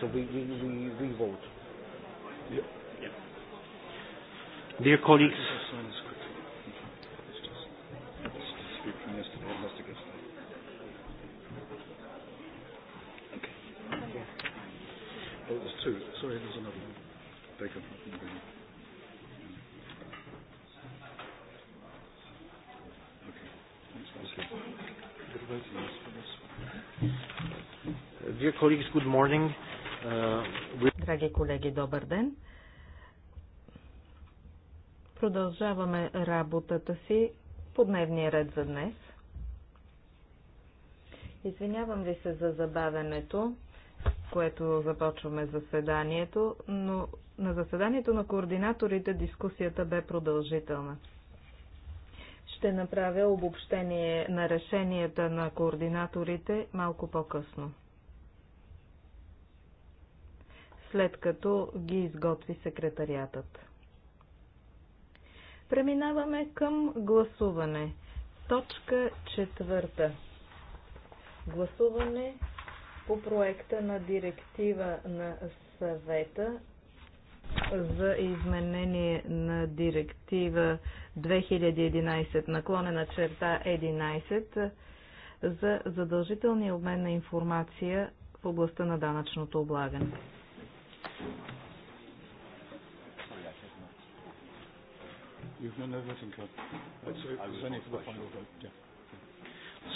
so we, we, we, we vote. Yeah. Yeah. Dear colleagues, Oh, two. Sorry, there's another one. Dear colleagues, good morning. Е, драги колеги, добър ден! Продължаваме работата си по дневния ред за днес. Извинявам ви се за забавянето, което започваме заседанието, но на заседанието на координаторите дискусията бе продължителна ще направя обобщение на решенията на координаторите малко по-късно. след като ги изготви секретариатът. Преминаваме към гласуване. Точка четвърта. Гласуване по проекта на директива на съвета за изменение на директива 2011 наклонена черта 11 за задължителния обмен на информация в областта на данъчното облагане.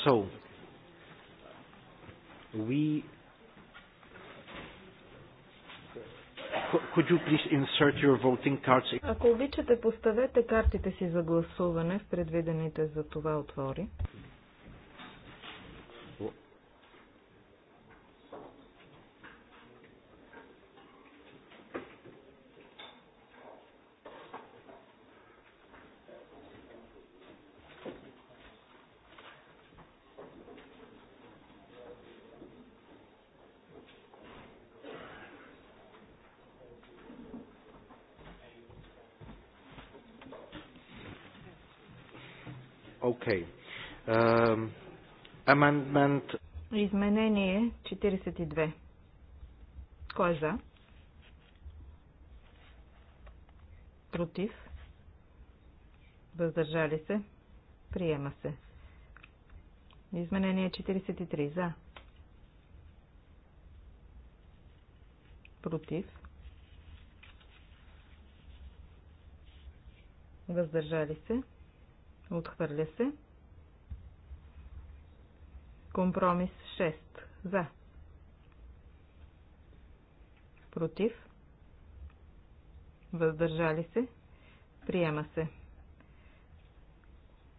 So, we could you please insert your voting cards? Ако обичате, поставете картите си за гласуване в предвидените за това отвори. Amendment. Изменение 42. Кой е за? Против? Въздържали се? Приема се. Изменение 43. За. Против? Въздържали се? Отхвърля се. Компромис 6. За. Против. Въздържали се. Приема се.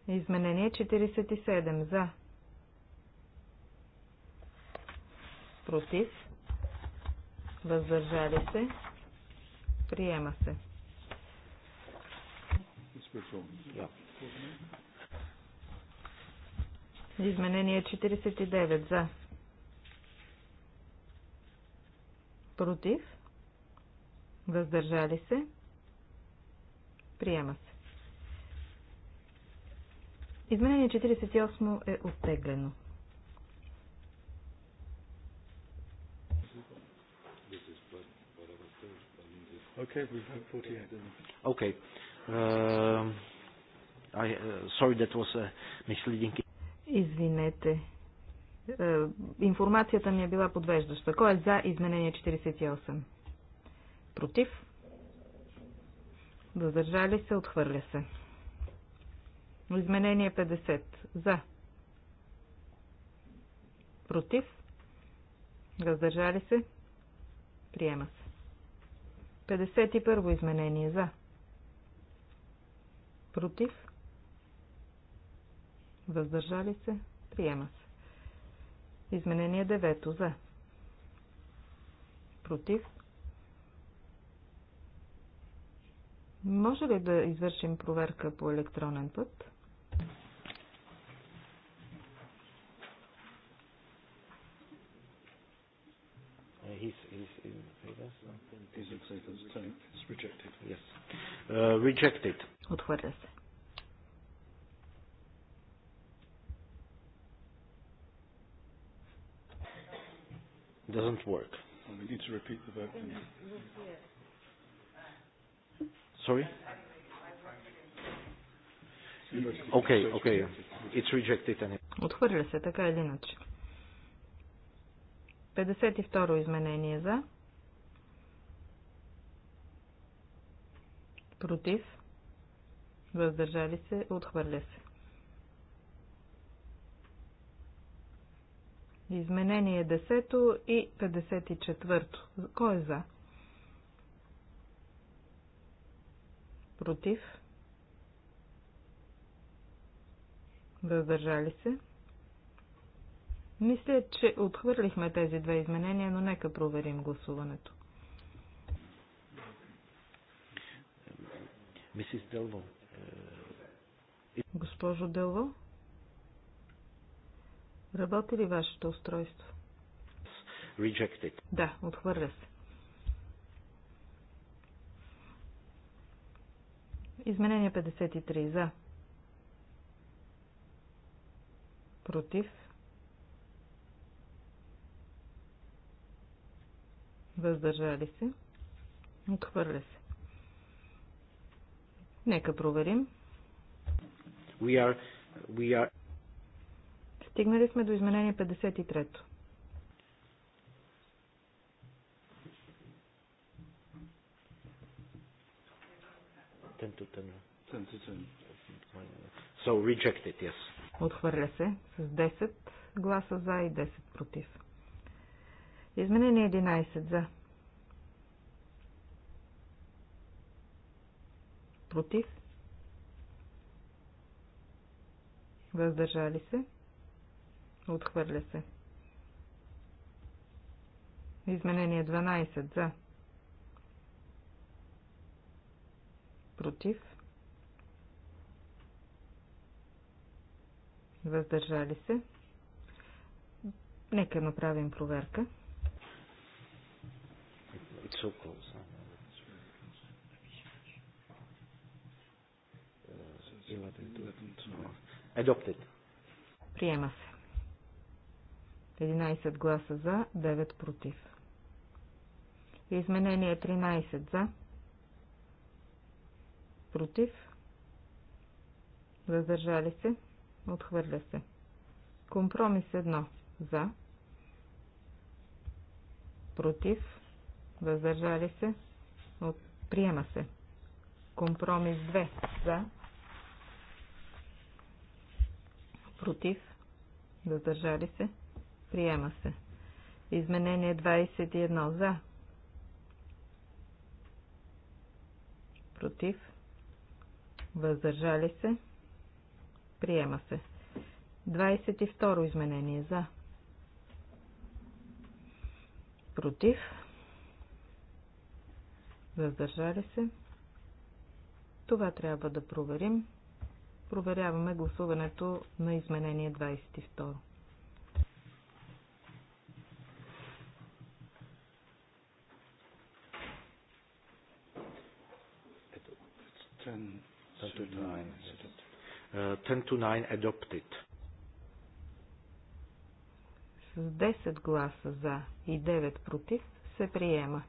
Изменение 47. За. Против. Въздържали се. Приема се. Изменение 49 за. Против. Въздържали се. Приема се. Изменение 48 е оттеглено. Okay, we have 48. Okay. Uh, I, uh, sorry, that was a uh, misleading. Извинете. Е, информацията ми е била подвеждаща. Кой е за изменение 48? Против? Въздържали се, отхвърля се. Изменение 50. За. Против? Въздържали се? Приема се. 51 изменение. За. Против? Въздържали се. Приема се. Изменение 9. За. Против. Може ли да извършим проверка по електронен път? Uh, uh, Отхвърля се. doesn't work. Well, we need to repeat the vote. Then. Sorry? Okay, okay. It's rejected. Отхвърля се, така или иначе. 52 изменение за. Против. Въздържали се. Отхвърля се. Изменение 10 и 54. Кой е за? Против? Въздържали се? Мисля, че отхвърлихме тези две изменения, но нека проверим гласуването. Мисис е, Госпожо Делво, Работи ли вашето устройство? Rejected. Да, отхвърля се. Изменение 53 за. Против. Въздържали се. Отхвърля се. Нека проверим. We are, we are Стигнали сме до изменение 53-то. So rejected, yes. Отхвърля се с 10 гласа за и 10 против. Изменение 11 за. Против. Въздържали се. Отхвърля се. Изменение 12 за. Против. Въздържали се. Нека направим проверка. Е, Приема се. 11 гласа за, 9 против. Изменение 13 за, против, въздържали се, отхвърля се. Компромис 1 за, против, въздържали се, от... приема се. Компромис 2 за, против, въздържали се, Приема се. Изменение 21 за. Против. Въздържали се. Приема се. 22 изменение за. Против. Въздържали се. Това трябва да проверим. Проверяваме гласуването на изменение 22. 10 to 9. E, adopted. С 10 гласа за и 9 против се приема.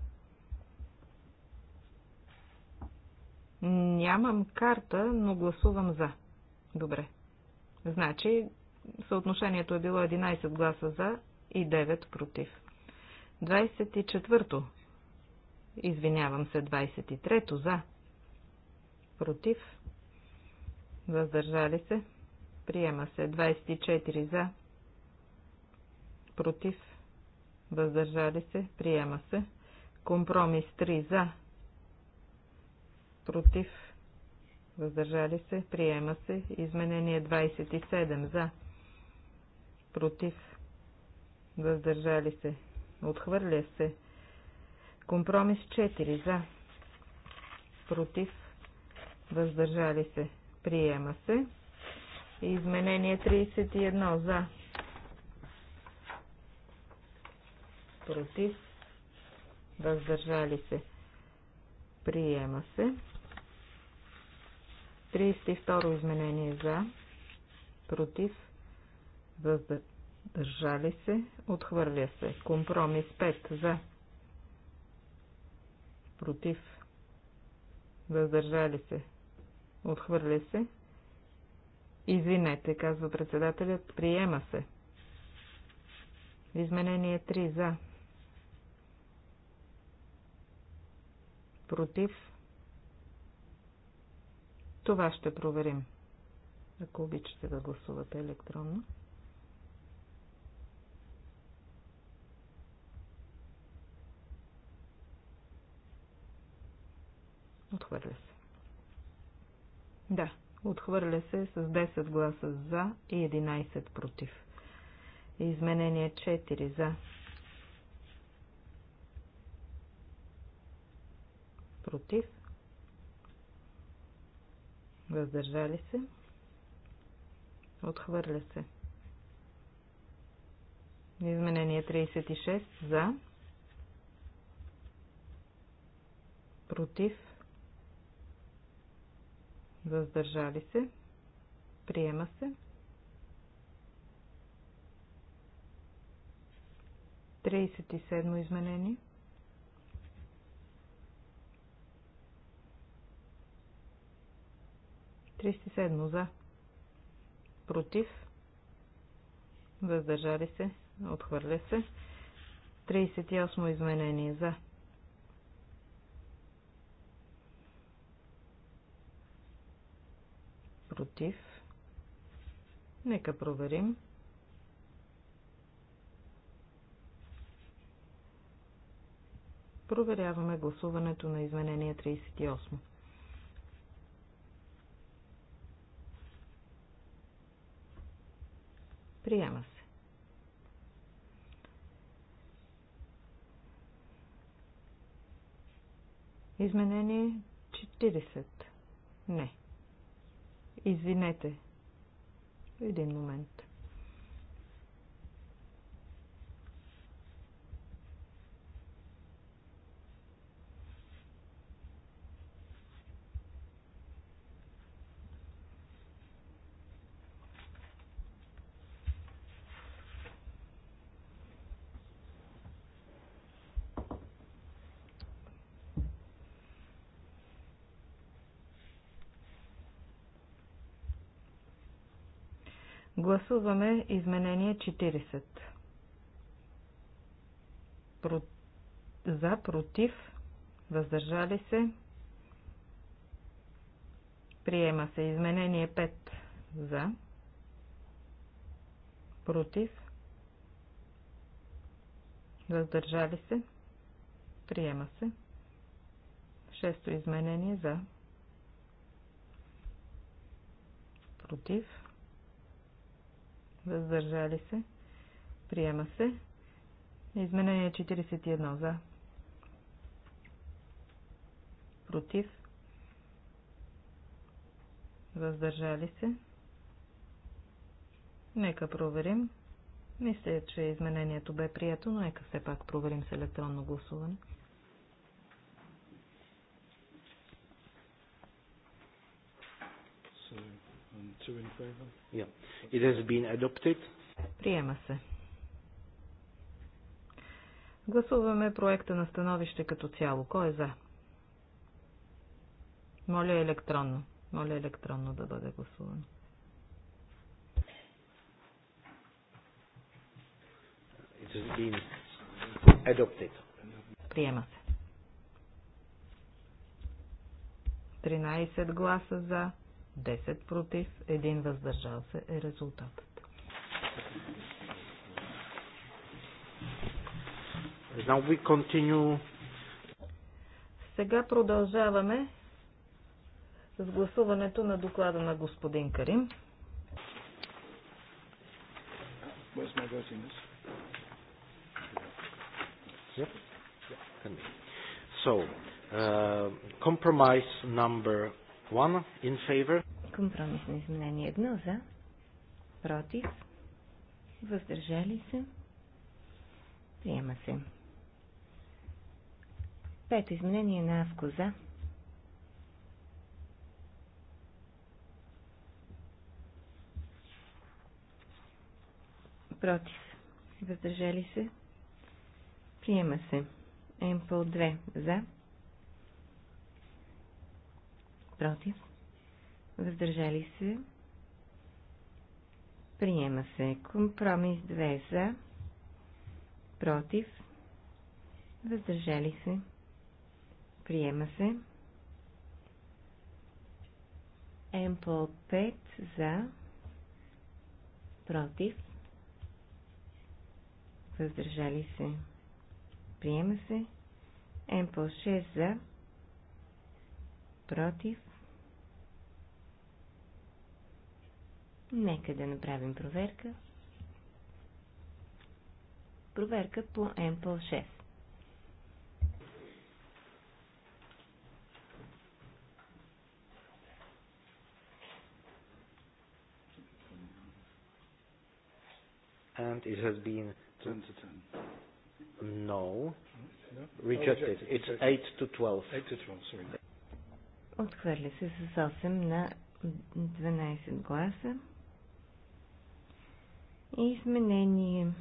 Нямам карта, но гласувам за. Добре. Значи съотношението е било 11 гласа за и 9 против. 24-то. Извинявам се, 23-то за против, въздържали се, приема се 24 за, против, въздържали се, приема се, компромис 3 за, против, въздържали се, приема се, изменение 27 за, против, въздържали се, отхвърля се, компромис 4 за, против, въздържали се, приема се. Изменение 31 за, против, въздържали се, приема се. 32 изменение за, против, въздържали се, отхвърля се. Компромис 5 за, против, въздържали се, Отхвърля се. Извинете, казва председателят. Приема се. Изменение 3 за. Против. Това ще проверим. Ако обичате да гласувате електронно. Отхвърля се. Да, отхвърля се с 10 гласа за и 11 против. Изменение 4 за. Против. Въздържали се. Отхвърля се. Изменение 36 за. Против въздържали се, приема се. 37 изменение. Тридесет седмо за. Против. Въздържали се. Отхвърля се. 38 изменение за. против. Нека проверим. Проверяваме гласуването на изменение 38. Приема се. Изменение 40. Не. Извинете. Един момент. Гласуваме изменение 40. Про... За, против, въздържали се. Приема се изменение 5 за, против, въздържали се. Приема се. Шесто изменение за, против, въздържали се, приема се. Изменение 41 за, против, въздържали се. Нека проверим. Мисля, че изменението бе прието, но нека все пак проверим с електронно гласуване. Yeah. It has been adopted. Приема се. Гласуваме проекта на становище като цяло. Кой е за? Моля електронно. Моля електронно да бъде гласуван. Приема се. 13 гласа за, 10 против, 1 въздържал се е резултатът. Now we continue. Сега продължаваме с гласуването на доклада на господин Карим. So, uh, compromise number one in favor Компромисно изменение Едно за, против, въздържали се, приема се. Пето изменение на Авко за. Против. Въздържали се. Приема се. Емпол 2 за. Против въздържали се, приема се. Компромис 2 за, против, въздържали се, приема се. Емпл 5 за, против, въздържали се, приема се. Емпл 6 за, против, Нека да направим проверка. Проверка по МПЛ 6. and it has been to no rejected. It's 8 to 12. 8 to 12, sorry. Отхвърля се с 8 на 12 гласа изменение.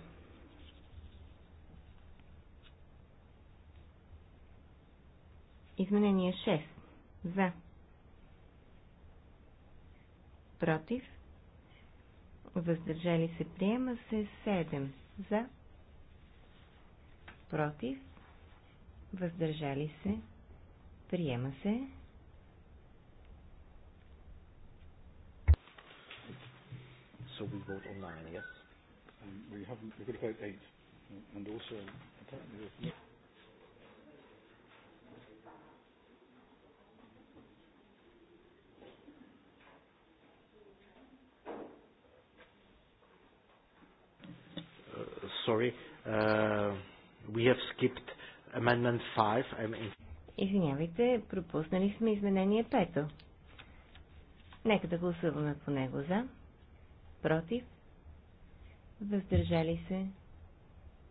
Изменение 6. За. Против. Въздържали се. Приема се 7. За. Против. Въздържали се. Приема се. So we vote online, yes? we haven't. We've got about eight, and also apparently there's. No sorry. Uh, we have skipped amendment five. I'm in... Извинявайте, пропуснали сме изменение пето. Нека да гласуваме по него за, против, въздържали се,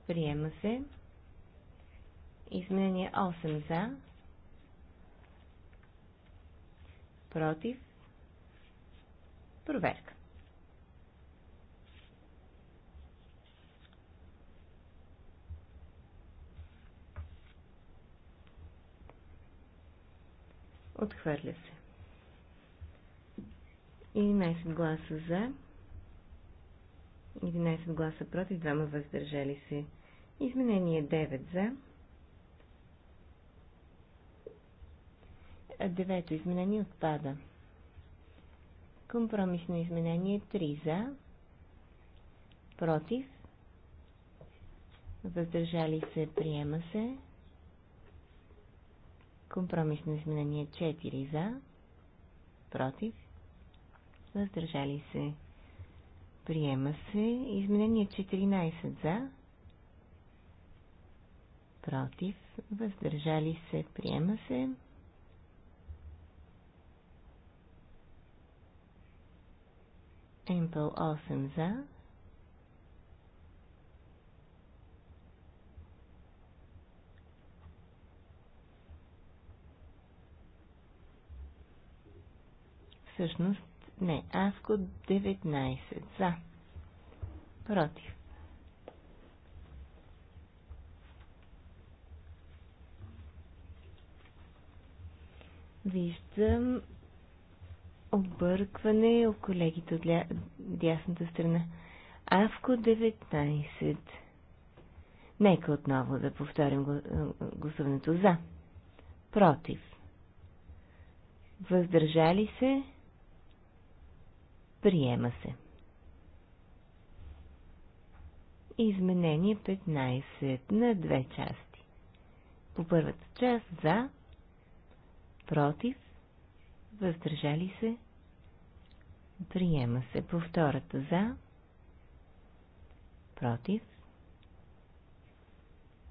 приема се. Изменение 8 за, против, проверка. Отхвърля се. 11 гласа за, 11 гласа против, 2 въздържали се. Изменение 9 за. Девето изменение отпада. Компромисно изменение 3 за. Против. Въздържали се, приема се. Компромисно изменение 4 за. Против. Въздържали се, Приема се. Изменение 14 за. Против. Въздържали се. Приема се. Емпъл 8 за. Всъщност не, Авко 19. За. Против. Виждам объркване у колегите от ля... дясната страна. Авко 19. Нека отново да повторим гласуването за. Против. Въздържали се Приема се. Изменение 15 на две части. По първата част за, против, въздържали се, приема се. По втората за, против,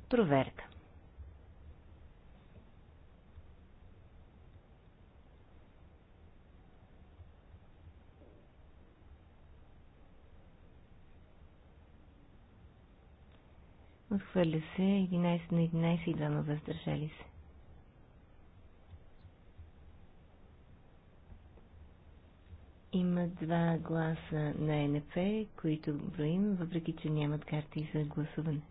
проверка. Отхвърля се 11 на 11 и двама въздържали се. Има два гласа на НП, които броим, въпреки че нямат карти за гласуване.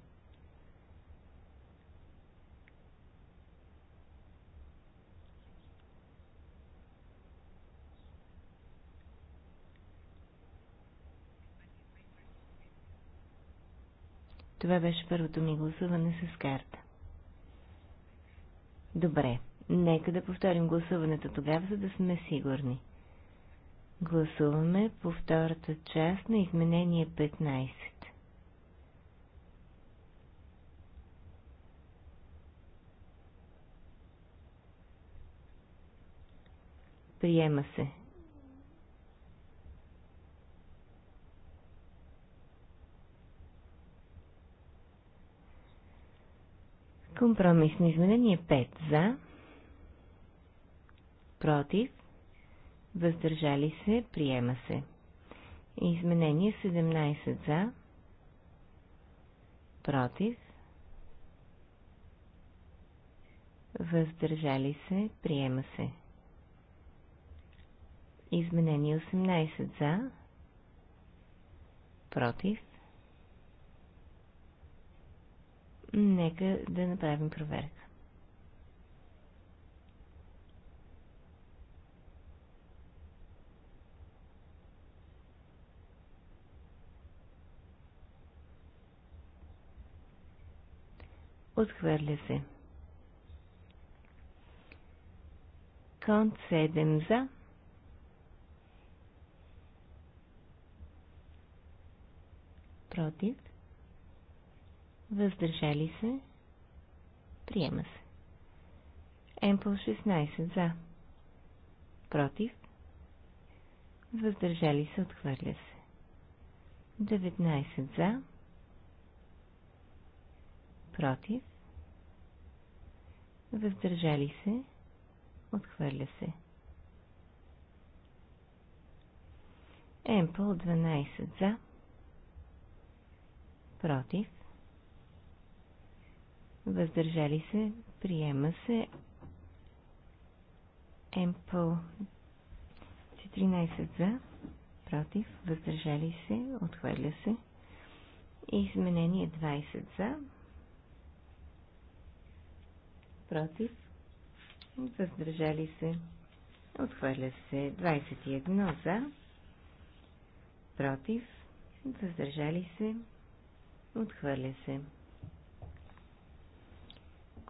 Това беше първото ми гласуване с карта. Добре, нека да повторим гласуването тогава, за да сме сигурни. Гласуваме по втората част на изменение 15. Приема се. Компромисно изменение 5 за, против, въздържали се, приема се. Изменение 17 за, против, въздържали се, приема се. Изменение 18 за, против, нека да направим проверка. Отхвърля се. Конт 7 за. Против въздържали се, приема се. Емпл 16 за, против, въздържали се, отхвърля се. 19 за, против, въздържали се, отхвърля се. Емпл 12 за, против, въздържали се, приема се. Емпъл 14 за, против, въздържали се, отхвърля се. Изменение 20 за, против, въздържали се, отхвърля се. 21 за, против, въздържали се, отхвърля се.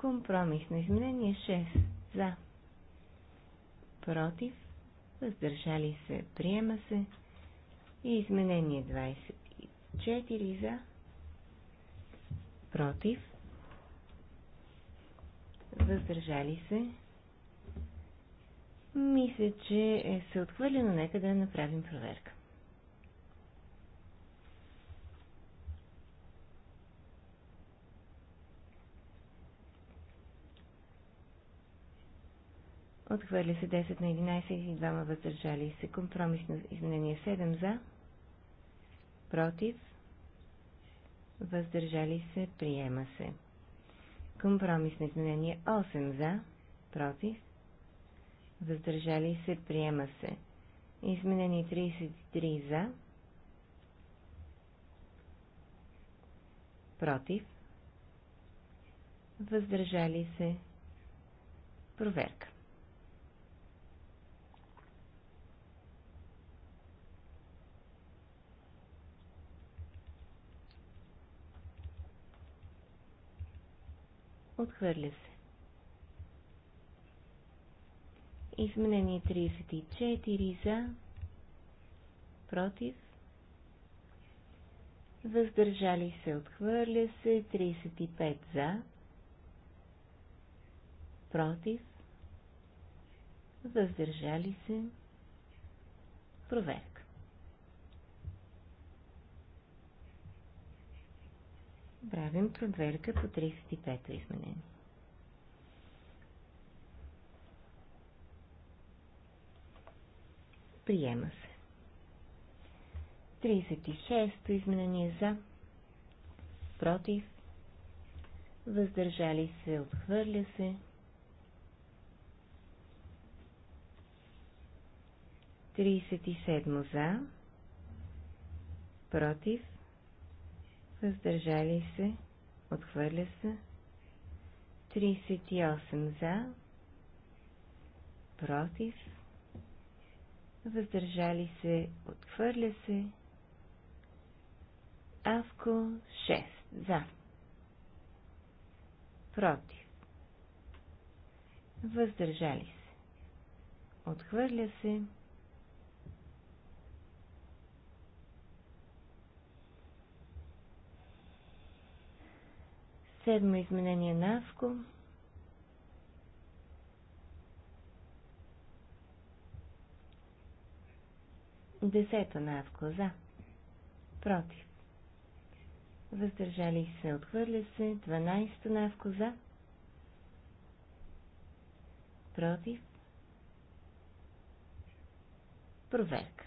Компромисно изменение 6. За. Против. Въздържали се. Приема се. И изменение 24 за. Против. Въздържали се. Мисля, че е- се отхвърлено. Нека да направим проверка. Отхвърля се 10 на 11 и 2 въздържали се. Компромисно изменение 7 за. Против. Въздържали се. Приема се. Компромисно изменение 8 за. Против. Въздържали се. Приема се. Изменение 33 за. Против. Въздържали се. Проверка. Отхвърля се. Изменение 34 за, против, въздържали се, отхвърля се, 35 за, против, въздържали се, проверка. правим проверка по 35-то изменение. Приема се. 36-то изменение за, против, въздържали се, отхвърля се. 37 за, против, въздържали се, отхвърля се, 38 за, против, въздържали се, отхвърля се, Авко 6 за, против, въздържали се, отхвърля се, Седмо изменение на Авко. Десето на Авко за. Против. Въздържали се, отхвърля се. 12 на Авко за. Против. Проверка.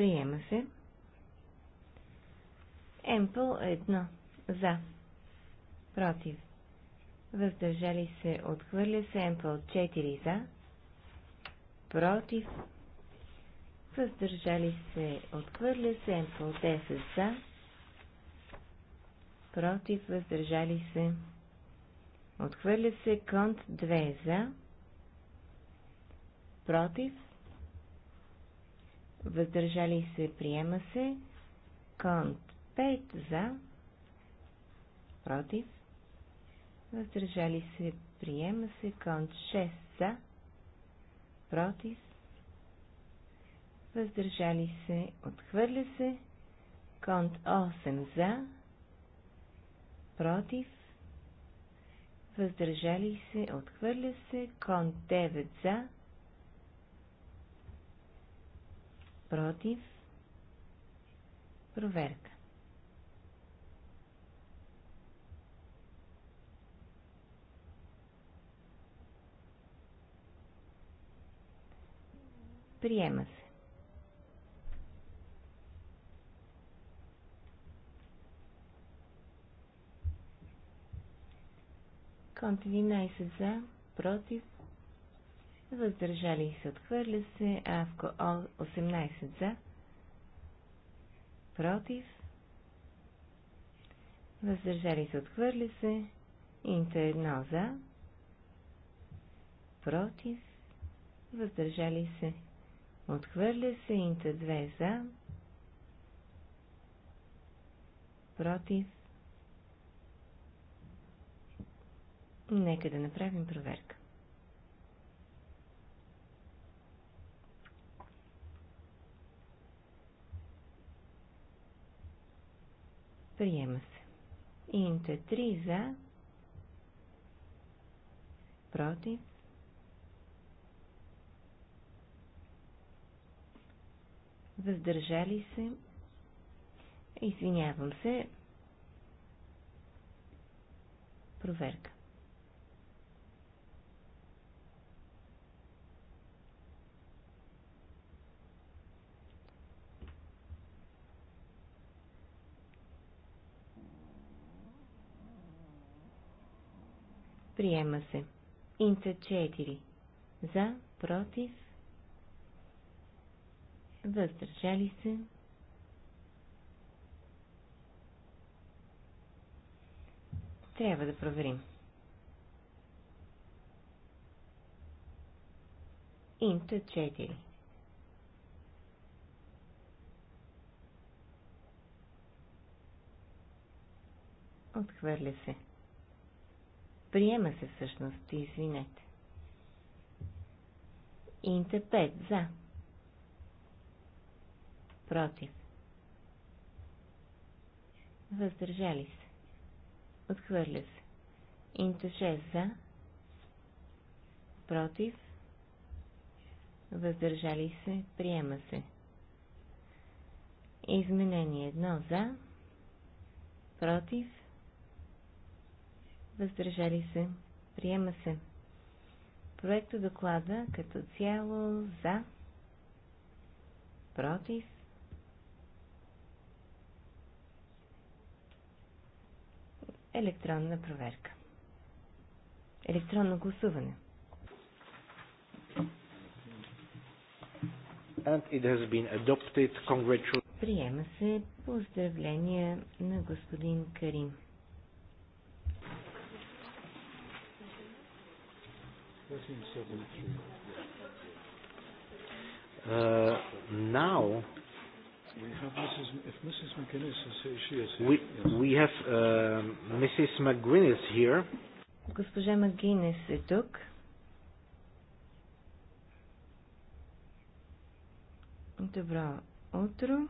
Приема се. Емпл едно За. Против. Въздържали се. Отхвърля се. Емпл 4. За. Против. Въздържали се. Отхвърля се. Емпл 10. За. Против. Въздържали се. Отхвърля се. Конт 2. За. Против въздържали се, приема се. Конт 5 за, против, въздържали се, приема се. Конт 6 за, против, въздържали се, отхвърля се. Конт 8 за, против, въздържали се, отхвърля се. Конт 9 за, против, проверка. Приема се. Конт 11 за, против, въздържали се, отхвърля се, в 18 за, против, въздържали се, отхвърля се, Инта 1 за, против, въздържали се, отхвърля се, Инта 2 за, против, Нека да направим проверка. Приема се. Инте 3 за. Против. Въздържали се. Извинявам се. Проверка. Приема се. Инца 4. За, против, въздържали се. Трябва да проверим. Инта 4. Отхвърля се. Приема се всъщност, извинете. Инте 5 за. Против. Въздържали се. Отхвърля се. Инте 6 за. Против. Въздържали се. Приема се. Изменение 1 за. Против въздържали се, приема се. Проекто доклада като цяло за, против, електронна проверка. Електронно гласуване. And it has been adopted. Congratulations. Приема се поздравления на господин Карим. Uh, now, we have Mrs. If Mrs. McGuinness is she is here. We, yes. we have uh, Mrs. McGuinness here. Госпожа Магинес е тук. Добро утро.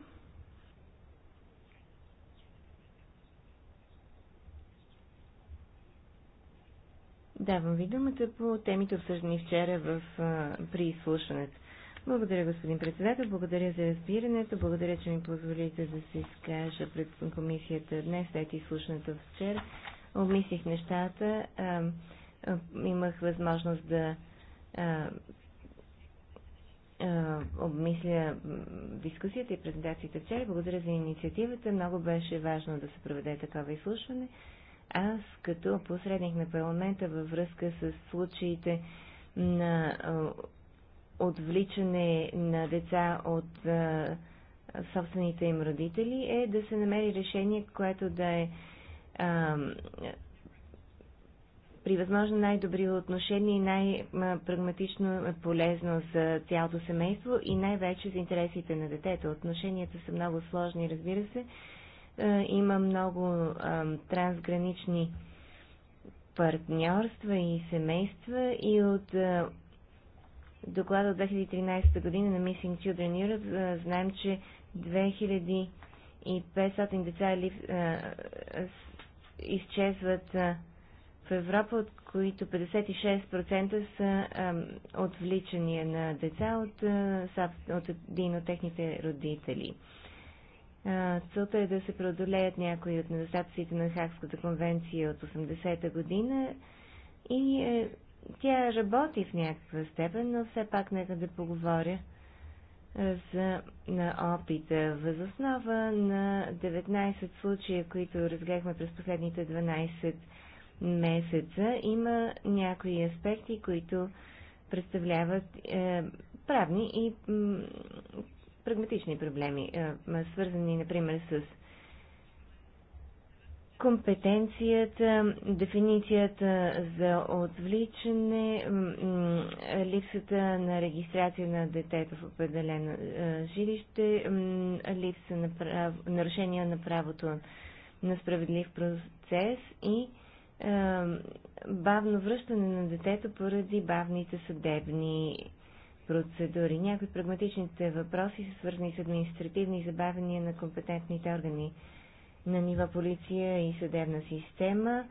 Давам ви думата по темите обсъждани вчера в, а, при изслушването. Благодаря, господин председател. Благодаря за разбирането. Благодаря, че ми позволите да се изкажа пред комисията днес, след изслушането вчера. Обмислих нещата. А, а, имах възможност да а, а, обмисля дискусията и презентацията вчера. Благодаря за инициативата. Много беше важно да се проведе такова изслушване аз като посредник на парламента във връзка с случаите на отвличане на деца от собствените им родители е да се намери решение, което да е а, при възможно най-добри отношения и най-прагматично полезно за цялото семейство и най-вече за интересите на детето. Отношенията са много сложни, разбира се, е, има много трансгранични партньорства и семейства и от е, доклада от 2013 година на Missing Children Europe е, знаем, че 2500 деца изчезват в Европа, от които 56% са отвличания на деца от, от един от техните родители. Целта е да се преодолеят някои от недостатъците на Хакската конвенция от 80-та година и е, тя работи в някаква степен, но все пак нека да поговоря за на опита. Възоснова на 19 случая, които разгледахме през последните 12 месеца, има някои аспекти, които представляват е, правни и прагматични проблеми, е, свързани, например, с компетенцията, дефиницията за отвличане, липсата на регистрация на детето в определено е, жилище, липса на прав... нарушение на правото на справедлив процес и бавно връщане на детето поради бавните съдебни процедури. Някои прагматичните въпроси са свързани с административни забавения на компетентните органи на нива полиция и съдебна система.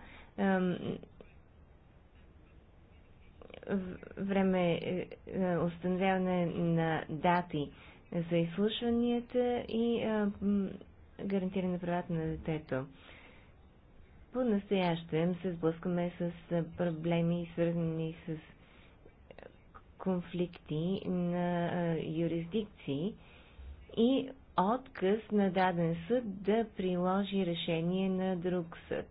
Време е, е, установяване на дати за изслушванията и гарантиране на правата на детето. По-настоящем се сблъскаме с проблеми, свързани с конфликти на юрисдикции и отказ на даден съд да приложи решение на друг съд.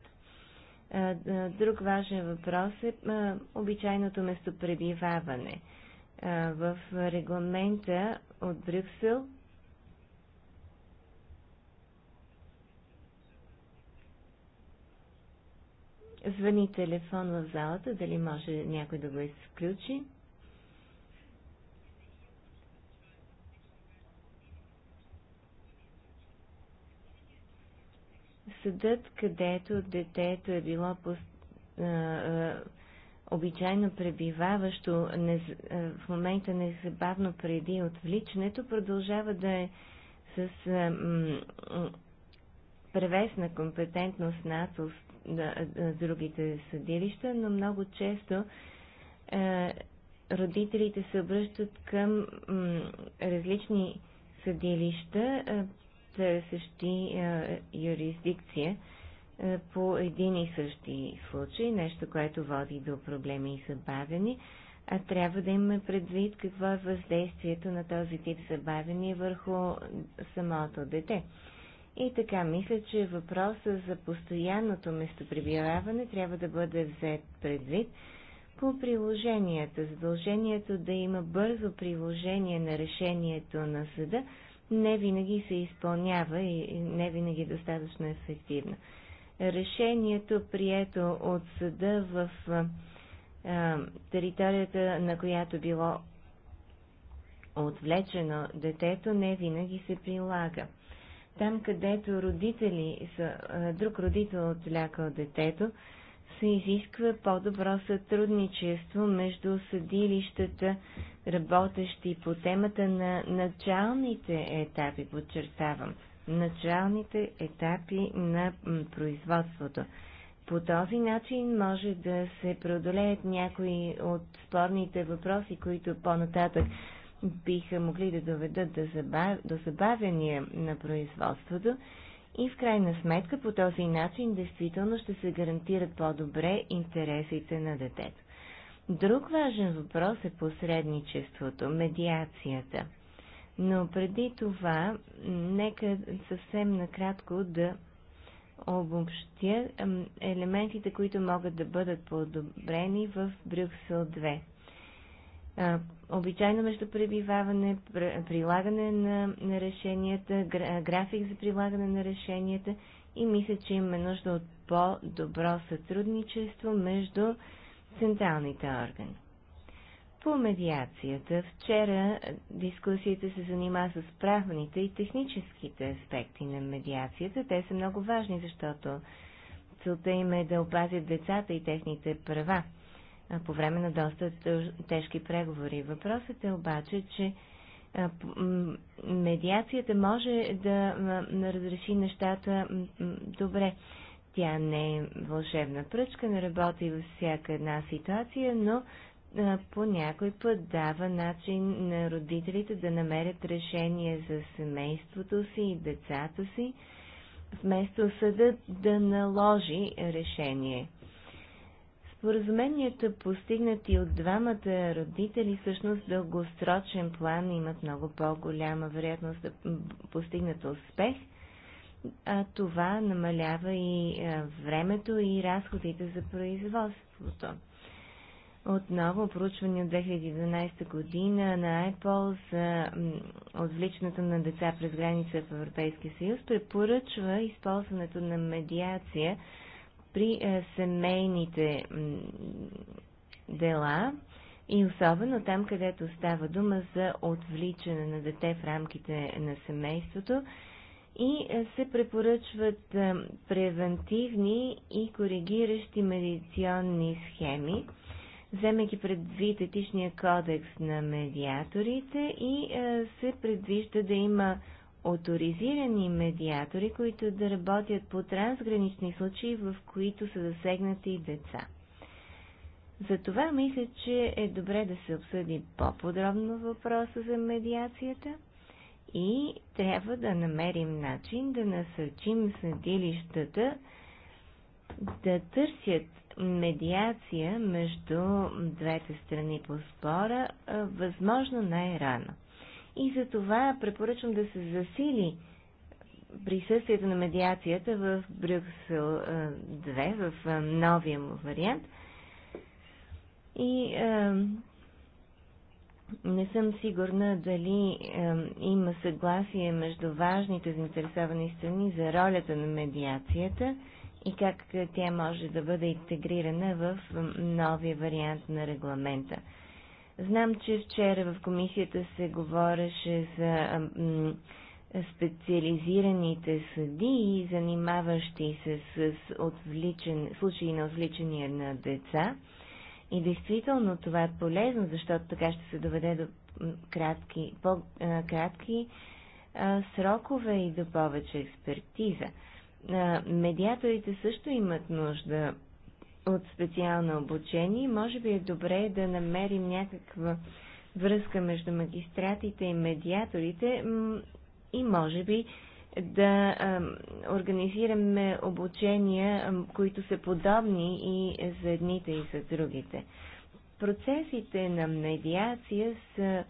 Друг важен въпрос е обичайното местопребиваване. В регламента от Брюксел звъни телефон в залата, дали може някой да го изключи. съдът, където детето е било обичайно пребиваващо в момента незабавно преди отвличането, продължава да е с превесна компетентност на другите съдилища, но много често родителите се обръщат към различни съдилища търсещи е, юрисдикция е, по един и същи случай, нещо, което води до проблеми и забавени, а трябва да имаме предвид какво е въздействието на този тип забавени върху самото дете. И така, мисля, че въпроса за постоянното местопребиваване трябва да бъде взет предвид по приложенията. Задължението да има бързо приложение на решението на съда – не винаги се изпълнява и не винаги е достатъчно ефективно. Решението, прието от съда в а, територията, на която било отвлечено детето, не винаги се прилага. Там, където родители са, друг родител отвлякал детето, се изисква по-добро сътрудничество между съдилищата работещи по темата на началните етапи, подчертавам, началните етапи на производството. По този начин може да се преодолеят някои от спорните въпроси, които по-нататък биха могли да доведат до, забав... до забавяния на производството и в крайна сметка по този начин действително ще се гарантират по-добре интересите на детето. Друг важен въпрос е посредничеството, медиацията. Но преди това, нека съвсем накратко да обобщя елементите, които могат да бъдат подобрени в Брюксел 2. Обичайно между пребиваване, прилагане на, на решенията, график за прилагане на решенията и мисля, че имаме нужда от по-добро сътрудничество между централните органи. По медиацията вчера дискусията се занима с правните и техническите аспекти на медиацията. Те са много важни, защото целта им е да опазят децата и техните права по време на доста тежки преговори. Въпросът е обаче, че медиацията може да разреши нещата добре. Тя не е вълшебна пръчка, не работи във всяка една ситуация, но а, по някой път дава начин на родителите да намерят решение за семейството си и децата си, вместо съдът да наложи решение. Споразуменията, постигнати от двамата родители, всъщност дългосрочен план имат много по-голяма вероятност да постигнат успех – а това намалява и времето и разходите за производството. Отново проучване от 2012 година на Apple за отвличането на деца през граница в Европейския съюз препоръчва използването на медиация при семейните дела и особено там, където става дума за отвличане на дете в рамките на семейството и е, се препоръчват е, превентивни и коригиращи медиционни схеми, вземайки предвид етичния кодекс на медиаторите и е, се предвижда да има авторизирани медиатори, които да работят по трансгранични случаи, в които са засегнати и деца. Затова мисля, че е добре да се обсъди по-подробно въпроса за медиацията – и трябва да намерим начин да насърчим съдилищата да търсят медиация между двете страни по спора възможно най-рано. И за това препоръчвам да се засили присъствието на медиацията в Брюксел 2, в новия му вариант. И не съм сигурна дали е, има съгласие между важните заинтересовани страни за ролята на медиацията и как е, тя може да бъде интегрирана в новия вариант на регламента. Знам, че вчера в комисията се говореше за специализираните съди, занимаващи се с отвличен, случаи на отвличания на деца. И действително това е полезно, защото така ще се доведе до кратки, по-кратки срокове и до повече експертиза. Медиаторите също имат нужда от специално обучение. Може би е добре да намерим някаква връзка между магистратите и медиаторите и може би да организираме обучения, които са подобни и за едните и за другите. Процесите на медиация са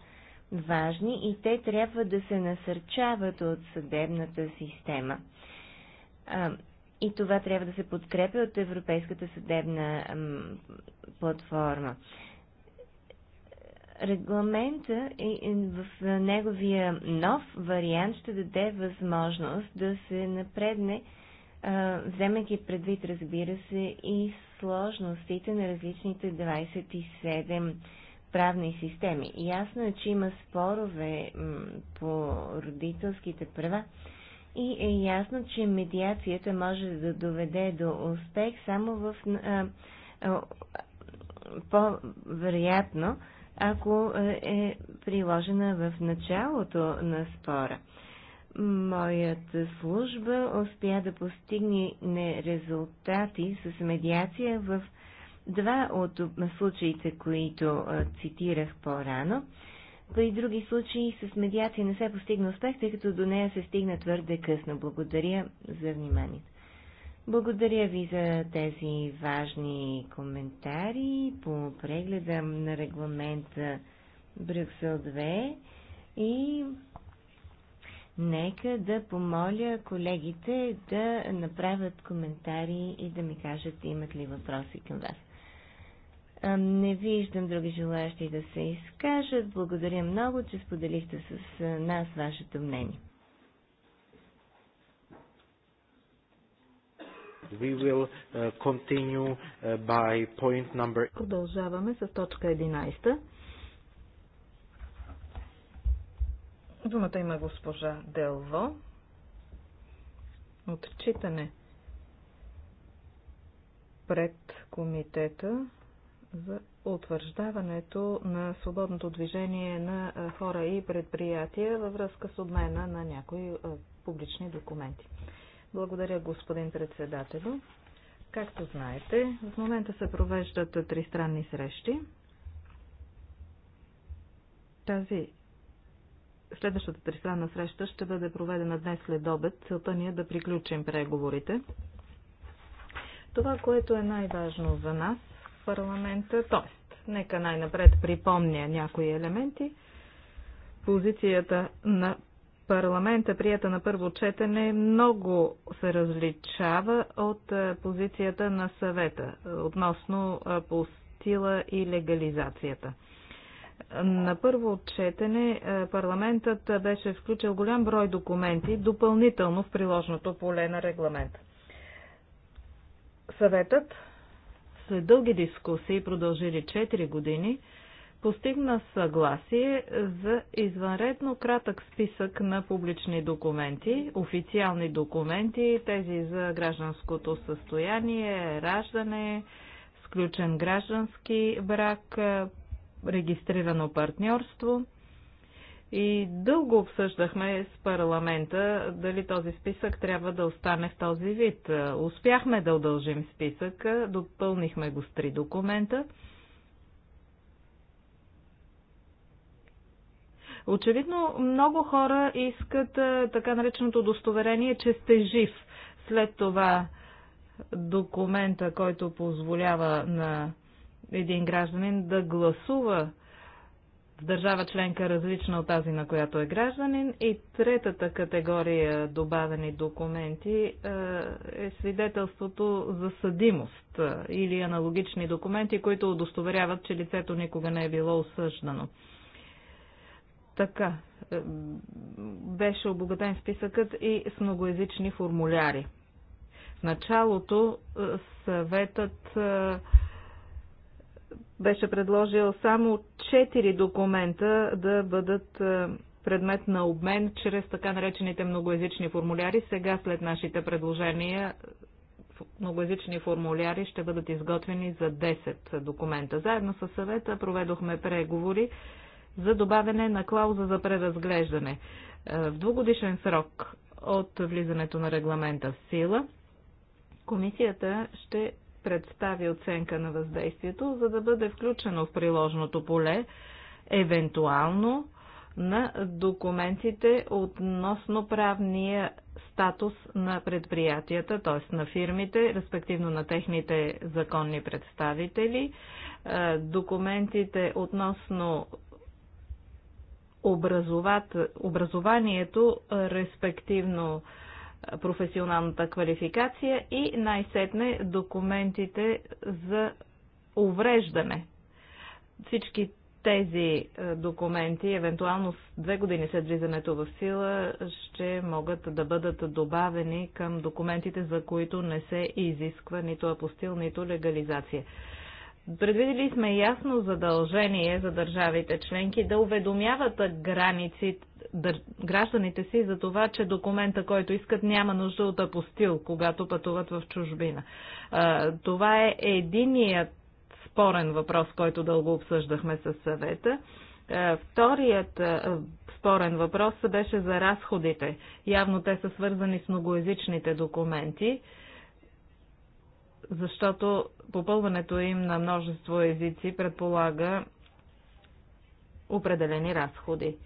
важни и те трябва да се насърчават от съдебната система. И това трябва да се подкрепя от Европейската съдебна платформа регламента в неговия нов вариант ще даде възможност да се напредне, вземайки предвид, разбира се, и сложностите на различните 27 правни системи. Ясно е, че има спорове по родителските права и е ясно, че медиацията може да доведе до успех само в по-вероятно ако е, е приложена в началото на спора. Моята служба успя да постигне резултати с медиация в два от случаите, които е, цитирах по-рано. При други случаи с медиация не се постигна успех, тъй като до нея се стигна твърде късно. Благодаря за вниманието. Благодаря ви за тези важни коментари по прегледа на регламента Брюксел 2 и нека да помоля колегите да направят коментари и да ми кажат имат ли въпроси към вас. Не виждам други желаящи да се изкажат. Благодаря много, че споделихте с нас вашето мнение. We will uh, continue uh, by point number... Продължаваме с точка 11. Думата има госпожа Делво. Отчитане пред комитета за утвърждаването на свободното движение на хора и предприятия във връзка с обмена на някои публични документи. Благодаря, господин председател. Както знаете, в момента се провеждат тристранни срещи. Тази следващата тристранна среща ще бъде проведена днес след обед. Целта ни е да приключим преговорите. Това, което е най-важно за нас в парламента, т.е. нека най-напред припомня някои елементи, позицията на парламента, прията на първо четене, много се различава от е, позицията на съвета е, относно е, постила и легализацията. На първо четене парламентът беше включил голям брой документи допълнително в приложното поле на регламент. Съветът след дълги дискусии, продължили 4 години, постигна съгласие за извънредно кратък списък на публични документи, официални документи, тези за гражданското състояние, раждане, сключен граждански брак, регистрирано партньорство. И дълго обсъждахме с парламента дали този списък трябва да остане в този вид. Успяхме да удължим списъка, допълнихме го с три документа. Очевидно много хора искат така нареченото удостоверение, че сте жив. След това документа, който позволява на един гражданин да гласува в държава членка различна от тази, на която е гражданин. И третата категория добавени документи е свидетелството за съдимост или аналогични документи, които удостоверяват, че лицето никога не е било осъждано. Така, е, беше обогатен списъкът и с многоязични формуляри. В началото е, съветът е, беше предложил само 4 документа да бъдат предмет на обмен чрез така наречените многоязични формуляри. Сега след нашите предложения многоязични формуляри ще бъдат изготвени за 10 документа. Заедно с съвета проведохме преговори за добавяне на клауза за преразглеждане е, в двугодишен срок от влизането на регламента в сила. Комисията ще представи оценка на въздействието, за да бъде включено в приложното поле, евентуално на документите относно правния статус на предприятията, т.е. на фирмите, респективно на техните законни представители, е, документите относно образованието, респективно професионалната квалификация и най-сетне документите за увреждане. Всички тези документи, евентуално с две години след влизането в сила, ще могат да бъдат добавени към документите, за които не се изисква нито апостил, нито легализация. Предвидели сме ясно задължение за държавите членки да уведомяват граници, гражданите си за това, че документа, който искат, няма нужда от апостил, когато пътуват в чужбина. Това е единият спорен въпрос, който дълго обсъждахме със съвета. Вторият спорен въпрос беше за разходите. Явно те са свързани с многоязичните документи защото попълването им на множество езици предполага определени разходи.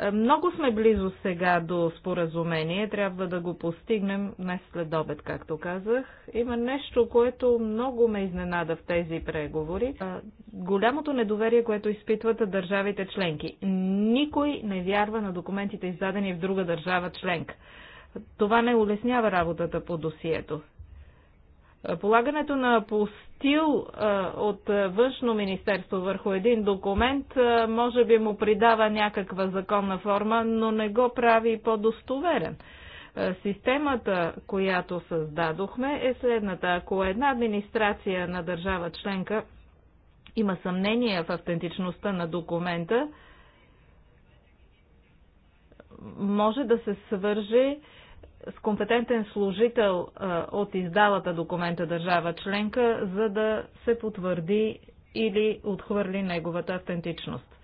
Е, много сме близо сега до споразумение, трябва да го постигнем днес след обед, както казах. Има нещо, което много ме изненада в тези преговори. Е, голямото недоверие, което изпитват държавите членки. Никой не вярва на документите, издадени в друга държава членка. Това не улеснява работата по досието. Е, полагането на постил е, от външно министерство върху един документ е, може би му придава някаква законна форма, но не го прави по-достоверен. Системата, която създадохме, е следната. Ако една администрация на държава членка има съмнение в автентичността на документа, може да се свържи с компетентен служител от издалата документа държава членка, за да се потвърди или отхвърли неговата автентичност.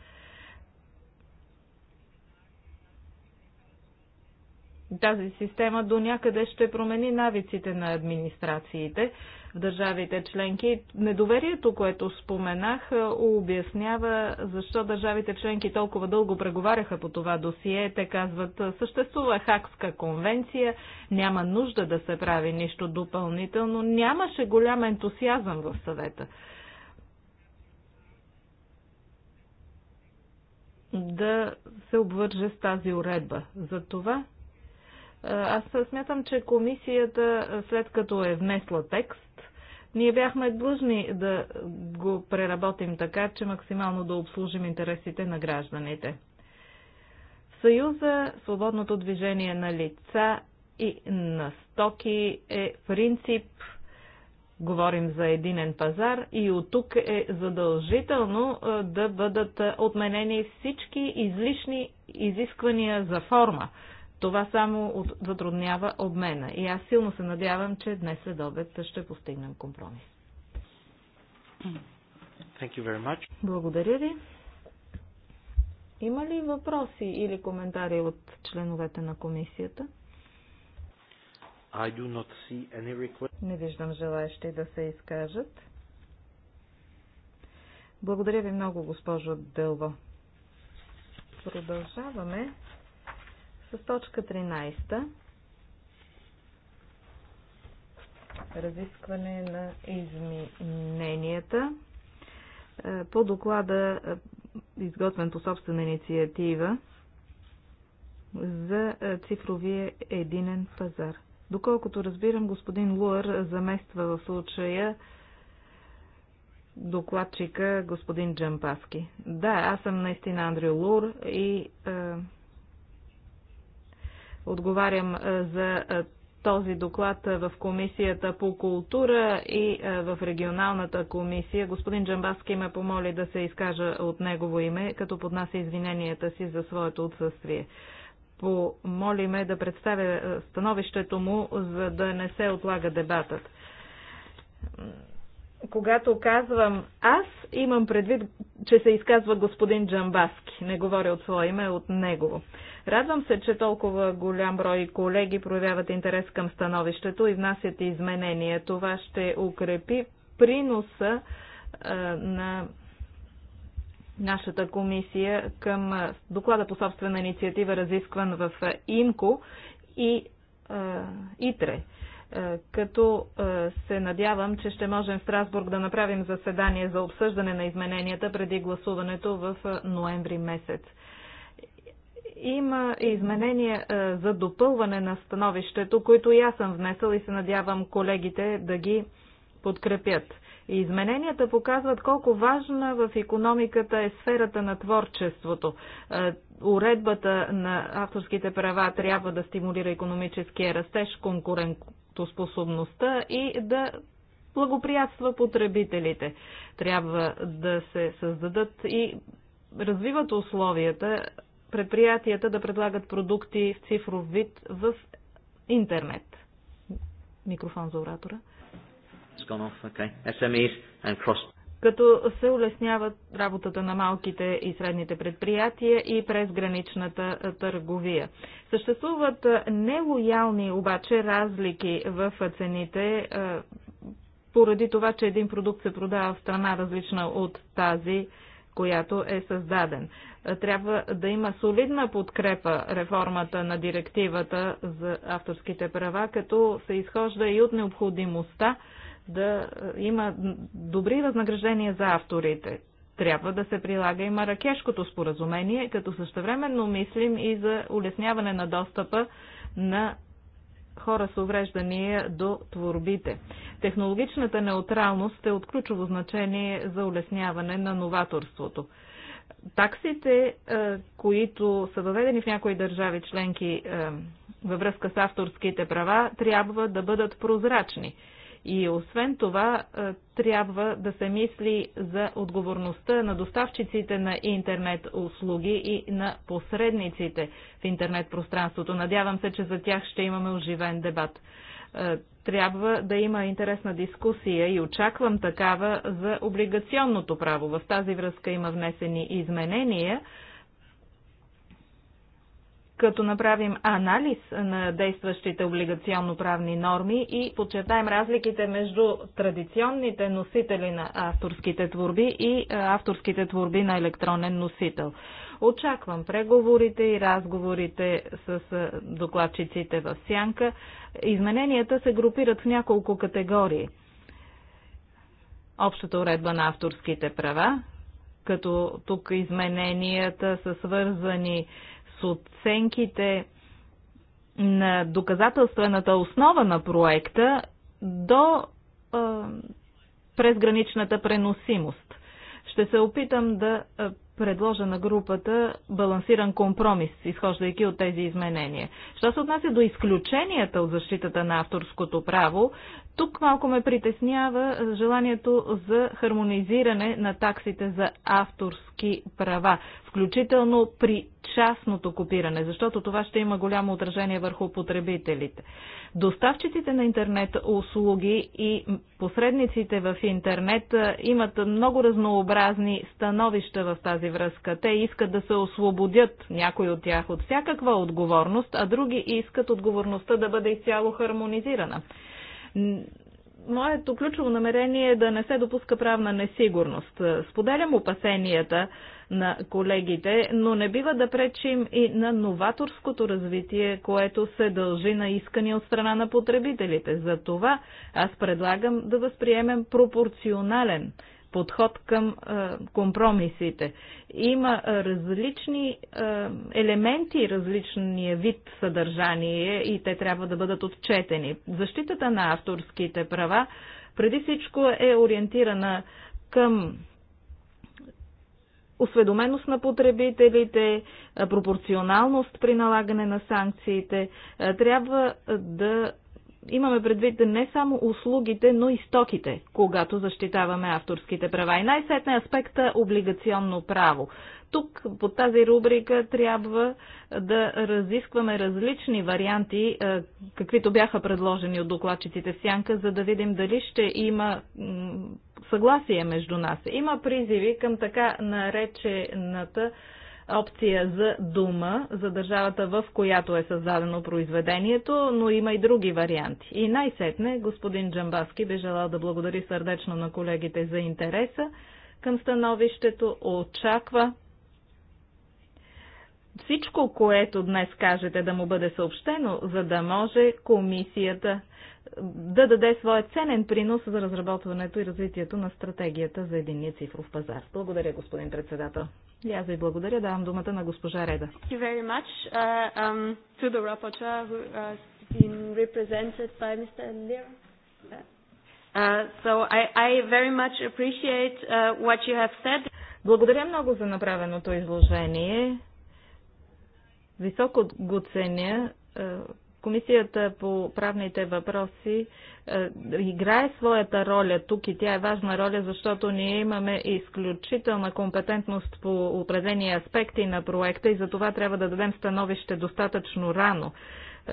Тази система до някъде ще промени навиците на администрациите, в държавите членки. Недоверието, което споменах, е, обяснява защо държавите членки толкова дълго преговаряха по това досие. Те казват, е, съществува Хакска конвенция, няма нужда да се прави нищо допълнително. Нямаше голям ентусиазъм в съвета. да се обвърже с тази уредба. За това е, аз смятам, че комисията, след като е внесла текст, ние бяхме длъжни да го преработим така, че максимално да обслужим интересите на гражданите. В Съюза свободното движение на лица и на стоки е принцип говорим за единен пазар и от тук е задължително да бъдат отменени всички излишни изисквания за форма. Това само затруднява обмена. И аз силно се надявам, че днес след обед ще постигнем компромис. Thank you very much. Благодаря ви. Има ли въпроси или коментари от членовете на комисията? I do not see any request. Не виждам желаящи да се изкажат. Благодаря ви много, госпожо Дълво. Продължаваме с точка 13. Разискване на измененията е, по доклада, е, изготвен по собствена инициатива за е, цифровия единен пазар. Доколкото разбирам, господин Луър замества в случая докладчика господин Джампаски. Да, аз съм наистина Андрю Лур и е, отговарям за този доклад в Комисията по култура и в регионалната комисия. Господин Джамбаски ме помоли да се изкажа от негово име, като поднася извиненията си за своето отсъствие. Помоли ме да представя становището му, за да не се отлага дебатът когато казвам аз, имам предвид, че се изказва господин Джамбаски. Не говоря от своя име, от негово. Радвам се, че толкова голям брой колеги проявяват интерес към становището и внасят изменения. Това ще укрепи приноса а, на нашата комисия към доклада по собствена инициатива, разискван в Инко и а, ИТРЕ. Е, като е, се надявам, че ще можем в Страсбург да направим заседание за обсъждане на измененията преди гласуването в е, ноември месец. Има изменения за допълване на становището, които и аз съм внесъл и се надявам колегите да ги подкрепят. И измененията показват колко важна в економиката е сферата на творчеството. Уредбата на авторските права трябва да стимулира економическия растеж, конкурен конкурентоспособността и да благоприятства потребителите. Трябва да се създадат и развиват условията предприятията да предлагат продукти в цифров вид в интернет. Микрофон за оратора. It's gone off. Okay. SMEs and cross като се улеснява работата на малките и средните предприятия и през граничната търговия. Съществуват нелоялни обаче разлики в цените поради това, че един продукт се продава в страна различна от тази, която е създаден. Трябва да има солидна подкрепа реформата на директивата за авторските права, като се изхожда и от необходимостта да е, има добри възнаграждения за авторите. Трябва да се прилага и Маракешкото споразумение, като същевременно мислим и за улесняване на достъпа на хора с увреждания до творбите. Технологичната неутралност е от ключово значение за улесняване на новаторството. Таксите, е, които са въведени в някои държави членки е, във връзка с авторските права, трябва да бъдат прозрачни. И освен това, е, трябва да се мисли за отговорността на доставчиците на интернет услуги и на посредниците в интернет пространството. Надявам се, че за тях ще имаме оживен дебат е, трябва да има интересна дискусия и очаквам такава за облигационното право. В тази връзка има внесени изменения като направим анализ на действащите облигационно-правни норми и подчертаем разликите между традиционните носители на авторските творби и авторските творби на електронен носител. Очаквам преговорите и разговорите с докладчиците в Сянка. Измененията се групират в няколко категории. Общата уредба на авторските права, като тук измененията са свързани с с оценките на доказателствената основа на проекта до е, презграничната преносимост. Ще се опитам да предложа на групата балансиран компромис, изхождайки от тези изменения. Що се отнася до изключенията от защитата на авторското право, тук малко ме притеснява желанието за хармонизиране на таксите за авторски права, включително при частното копиране, защото това ще има голямо отражение върху потребителите. Доставчиците на интернет услуги и посредниците в интернет имат много разнообразни становища в тази връзка. Те искат да се освободят някои от тях от всякаква отговорност, а други искат отговорността да бъде изцяло хармонизирана. Моето ключово намерение е да не се допуска правна несигурност. Споделям опасенията на колегите, но не бива да пречим и на новаторското развитие, което се дължи на искания от страна на потребителите. За това аз предлагам да възприемем пропорционален подход към компромисите. Има различни елементи, различния вид съдържание и те трябва да бъдат отчетени. Защитата на авторските права преди всичко е ориентирана към осведоменост на потребителите, пропорционалност при налагане на санкциите. Трябва да имаме предвид не само услугите, но и стоките, когато защитаваме авторските права. И най-сетне аспекта облигационно право. Тук под тази рубрика трябва да разискваме различни варианти, е, каквито бяха предложени от докладчиците в Сянка, за да видим дали ще има съгласие между нас. Има призиви към така наречената опция за дума за държавата, в която е създадено произведението, но има и други варианти. И най-сетне господин Джамбаски би желал да благодари сърдечно на колегите за интереса към становището, очаква всичко, което днес кажете да му бъде съобщено, за да може комисията да даде своя ценен принос за разработването и развитието на стратегията за единния цифров пазар. Благодаря, господин председател. И аз ви благодаря. Давам думата на госпожа Реда. Благодаря много за направеното изложение. Високо го ценя Комисията по правните въпроси е, играе своята роля тук и тя е важна роля, защото ние имаме изключителна компетентност по определени аспекти на проекта и за това трябва да дадем становище достатъчно рано.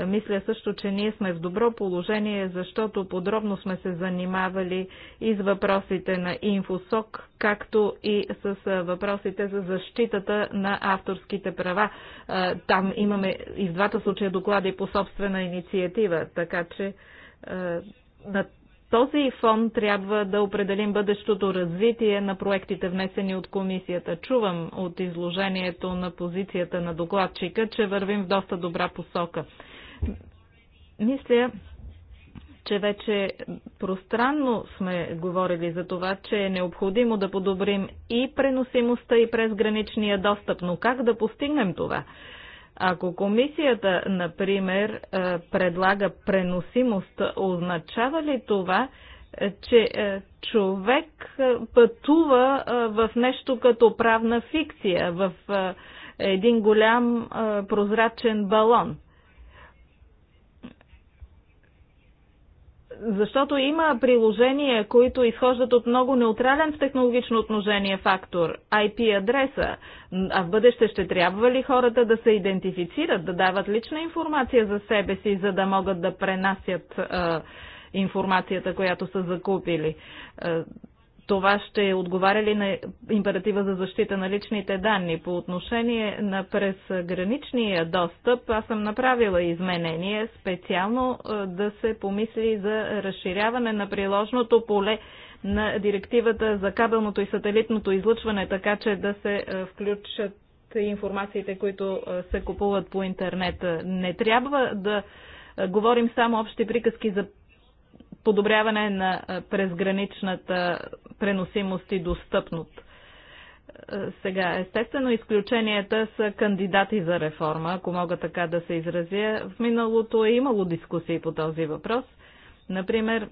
Мисля също, че ние сме в добро положение, защото подробно сме се занимавали и с въпросите на Инфосок, както и с въпросите за защитата на авторските права. Там имаме и в двата случая доклади по собствена инициатива, така че на този фон трябва да определим бъдещото развитие на проектите, внесени от комисията. Чувам от изложението на позицията на докладчика, че вървим в доста добра посока. Мисля, че вече пространно сме говорили за това, че е необходимо да подобрим и преносимостта и през граничния достъп. Но как да постигнем това? Ако комисията, например, е, предлага преносимост, означава ли това, е, че е, човек пътува в нещо като правна фикция, в един голям прозрачен балон? Защото има приложения, които изхождат от много неутрален в технологично отношение фактор IP адреса. А в бъдеще ще трябва ли хората да се идентифицират, да дават лична информация за себе си, за да могат да пренасят а, информацията, която са закупили? това ще отговаря ли на императива за защита на личните данни? По отношение на презграничния достъп, аз съм направила изменение специално е, да се помисли за разширяване на приложното поле на директивата за кабелното и сателитното излъчване, така че да се е, включат информациите, които е, се купуват по интернет. Не трябва да говорим само общи приказки за подобряване на презграничната преносимост и достъпност. Сега, естествено, изключенията са кандидати за реформа, ако мога така да се изразя. В миналото е имало дискусии по този въпрос. Например,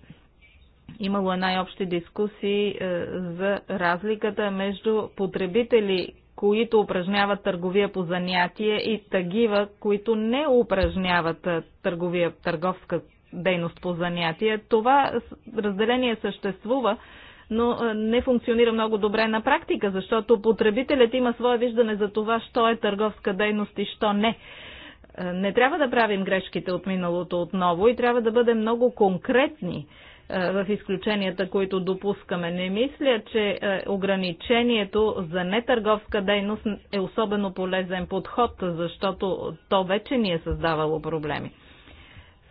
имало е най-общи дискусии за разликата между потребители, които упражняват търговия по занятие и такива, които не упражняват търговия, търговска дейност по занятие. Това разделение съществува, но не функционира много добре на практика, защото потребителят има свое виждане за това, що е търговска дейност и що не. Не трябва да правим грешките от миналото отново и трябва да бъдем много конкретни в изключенията, които допускаме. Не мисля, че ограничението за нетърговска дейност е особено полезен подход, защото то вече ни е създавало проблеми.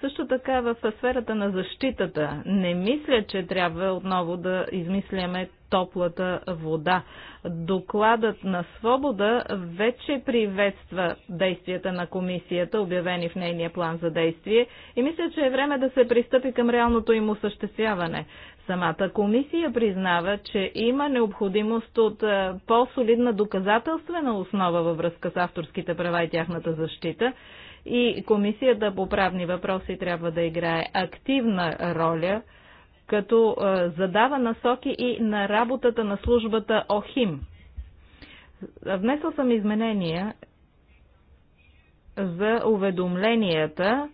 Също така в сферата на защитата не мисля, че трябва отново да измисляме топлата вода. Докладът на Свобода вече приветства действията на комисията, обявени в нейния план за действие и мисля, че е време да се пристъпи към реалното им осъществяване. Самата комисия признава, че има необходимост от е, по-солидна доказателствена основа във връзка с авторските права и тяхната защита и Комисията по правни въпроси трябва да играе активна роля, като задава насоки и на работата на службата ОХИМ. Внесъл съм изменения за уведомленията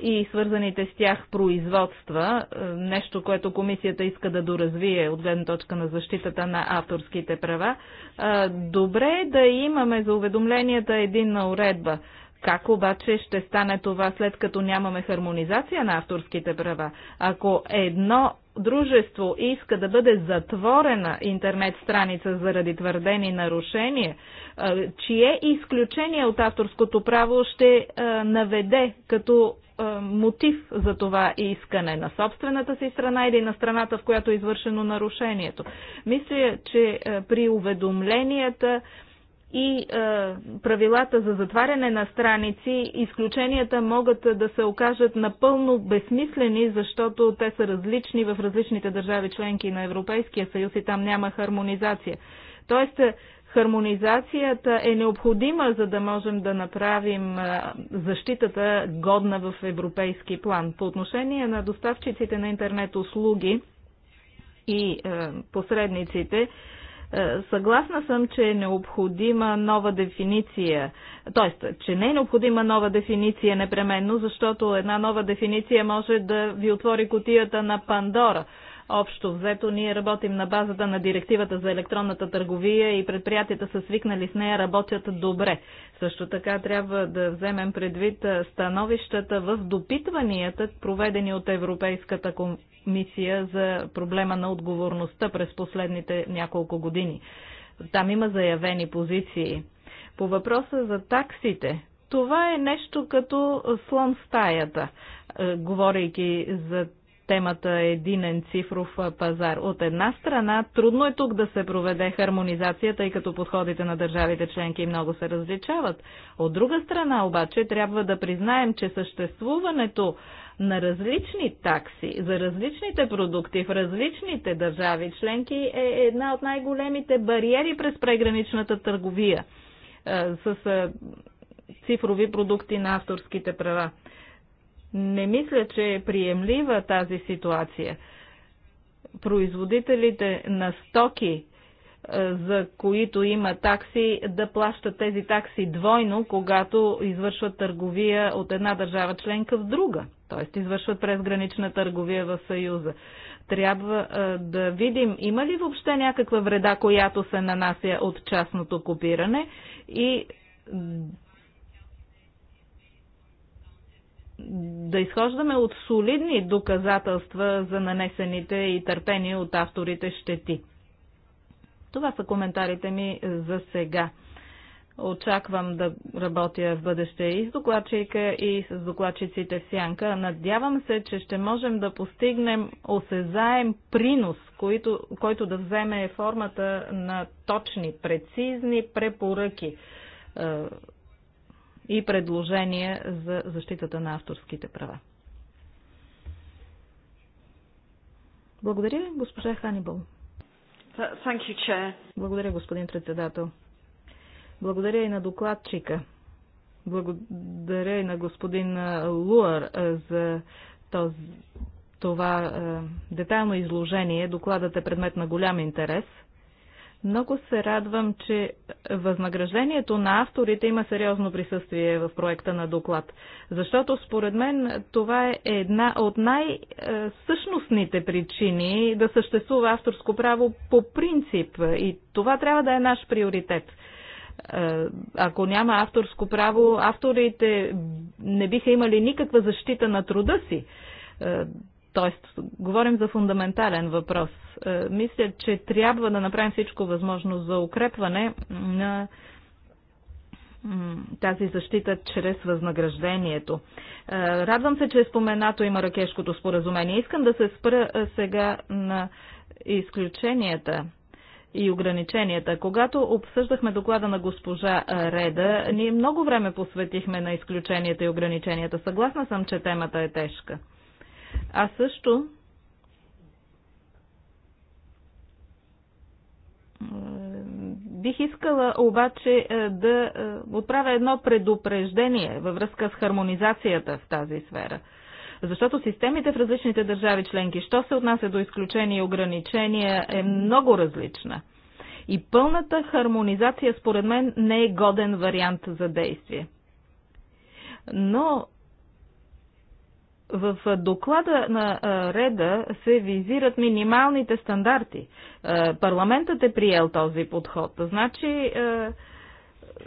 и свързаните с тях производства, нещо, което комисията иска да доразвие от гледна точка на защитата на авторските права. Добре е да имаме за уведомленията единна уредба. Как обаче ще стане това след като нямаме хармонизация на авторските права? Ако едно дружество иска да бъде затворена интернет страница заради твърдени нарушения, е, чие изключение от авторското право ще е, наведе като е, мотив за това искане на собствената си страна или на страната, в която е извършено нарушението. Мисля, че при уведомленията и е, правилата за затваряне на страници, изключенията могат да се окажат напълно безсмислени, защото те са различни в различните държави членки на Европейския съюз и там няма хармонизация. Тоест, е, хармонизацията е необходима, за да можем да направим е, защитата годна в европейски план. По отношение на доставчиците на интернет услуги и е, посредниците, е, съгласна съм, че е необходима нова дефиниция, т.е. че не е необходима нова дефиниция непременно, защото една нова дефиниция може да ви отвори котията на Пандора. Общо взето ние работим на базата на директивата за електронната търговия и предприятията са свикнали с нея, работят добре. Също така трябва да вземем предвид становищата в допитванията, проведени от Европейската комисия за проблема на отговорността през последните няколко години. Там има заявени позиции. По въпроса за таксите, това е нещо като слон в стаята, говорейки за темата е единен цифров пазар. От една страна, трудно е тук да се проведе хармонизацията, тъй като подходите на държавите членки много се различават. От друга страна, обаче, трябва да признаем, че съществуването на различни такси за различните продукти в различните държави членки е една от най-големите бариери през преграничната търговия с цифрови продукти на авторските права. Не мисля, че е приемлива тази ситуация. Производителите на стоки, е, за които има такси, да плащат тези такси двойно, когато извършват търговия от една държава членка в друга, т.е. извършват презгранична търговия в Съюза. Трябва е, да видим има ли въобще някаква вреда, която се нанася от частното копиране и да изхождаме от солидни доказателства за нанесените и търпени от авторите щети. Това са коментарите ми за сега. Очаквам да работя в бъдеще и с докладчика, и с докладчиците в Сянка. Надявам се, че ще можем да постигнем осезаем принос, който, който да вземе формата на точни, прецизни препоръки е, и предложения за защитата на авторските права. Благодаря, госпожа Ханибал. You, Благодаря, господин председател. Благодаря и на докладчика. Благодаря и на господин Луар за този, това детайлно изложение. Докладът е предмет на голям интерес – много се радвам, че възнаграждението на авторите има сериозно присъствие в проекта на доклад. Защото според мен това е една от най-същностните причини да съществува авторско право по принцип. И това трябва да е наш приоритет. Е, ако няма авторско право, авторите не биха имали никаква защита на труда си е, Тоест, говорим за фундаментален въпрос. Е, мисля, че трябва да направим всичко възможно за укрепване на тази защита чрез възнаграждението. Е, радвам се, че е споменато и Маракешкото споразумение. Искам да се спра е, сега на изключенията и ограниченията. Когато обсъждахме доклада на госпожа Реда, ние много време посветихме на изключенията и ограниченията. Съгласна съм, че темата е тежка. А също Бих искала обаче е, да е, отправя едно предупреждение във връзка с хармонизацията в тази сфера. Защото системите в различните държави членки, що се отнася до изключения и ограничения, е много различна. И пълната хармонизация, според мен, не е годен вариант за действие. Но в доклада на Реда се визират минималните стандарти. Парламентът е приел този подход. Значи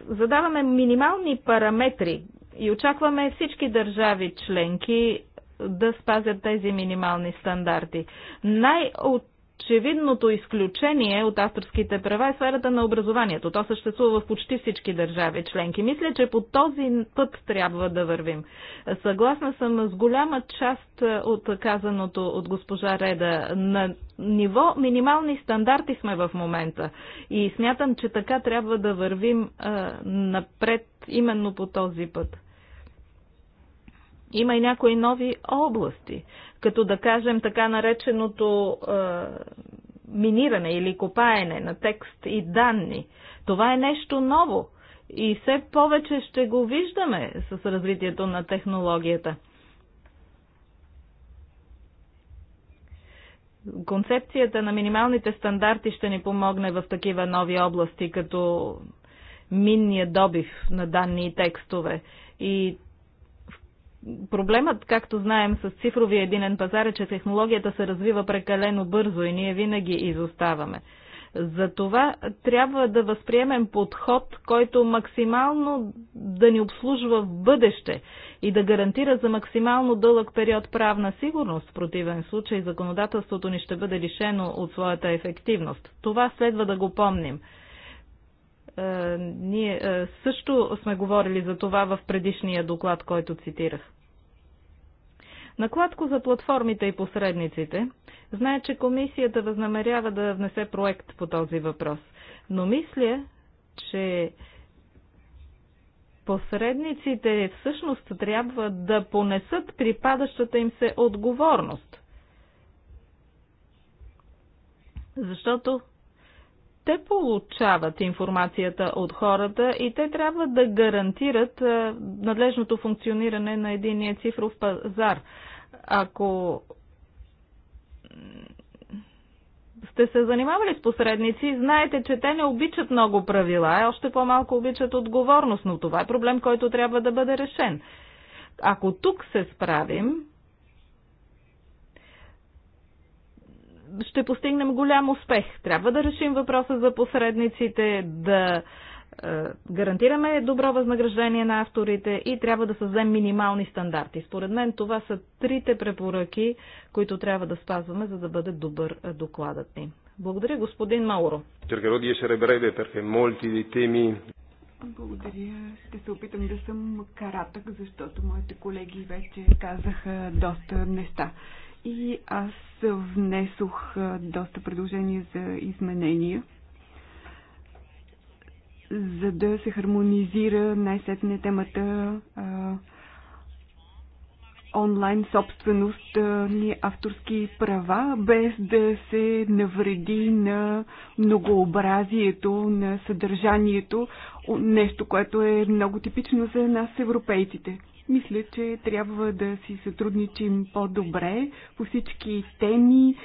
задаваме минимални параметри и очакваме всички държави членки да спазят тези минимални стандарти. Най-от очевидното изключение от авторските права е сферата на образованието. То съществува в почти всички държави членки. Мисля, че по този път трябва да вървим. Съгласна съм с голяма част е, от казаното от госпожа Реда. На ниво минимални стандарти сме в момента и смятам, че така трябва да вървим е, напред именно по този път. Има и някои нови области, като да кажем така нареченото е, миниране или копаене на текст и данни. Това е нещо ново и все повече ще го виждаме с развитието на технологията. Концепцията на минималните стандарти ще ни помогне в такива нови области, като минния добив на данни и текстове. И Проблемът, както знаем, с цифровия единен пазар е, че технологията се развива прекалено бързо и ние винаги изоставаме. Затова трябва да възприемем подход, който максимално да ни обслужва в бъдеще и да гарантира за максимално дълъг период правна сигурност. В противен случай законодателството ни ще бъде лишено от своята ефективност. Това следва да го помним. Е, ние е, също сме говорили за това в предишния доклад, който цитирах. Накладко за платформите и посредниците. Знае, че комисията възнамерява да внесе проект по този въпрос. Но мисля, че посредниците всъщност трябва да понесат припадащата им се отговорност. Защото те получават информацията от хората и те трябва да гарантират е, надлежното функциониране на единия цифров пазар. Ако сте се занимавали с посредници, знаете, че те не обичат много правила, а е още по-малко обичат отговорност, но това е проблем, който трябва да бъде решен. Ако тук се справим, ще постигнем голям успех. Трябва да решим въпроса за посредниците, да е, гарантираме добро възнаграждение на авторите и трябва да създадем минимални стандарти. Според мен това са трите препоръки, които трябва да спазваме, за да бъде добър е, докладът ни. Благодаря, господин Мауро. Благодаря. Ще се опитам да съм каратък, защото моите колеги вече казаха доста неща. И аз внесох доста предложения за изменения, за да се хармонизира най-сетне темата а, онлайн собственост ни авторски права, без да се навреди на многообразието, на съдържанието, нещо, което е много типично за нас, европейците. Мисля, че трябва да си сътрудничим по-добре по всички теми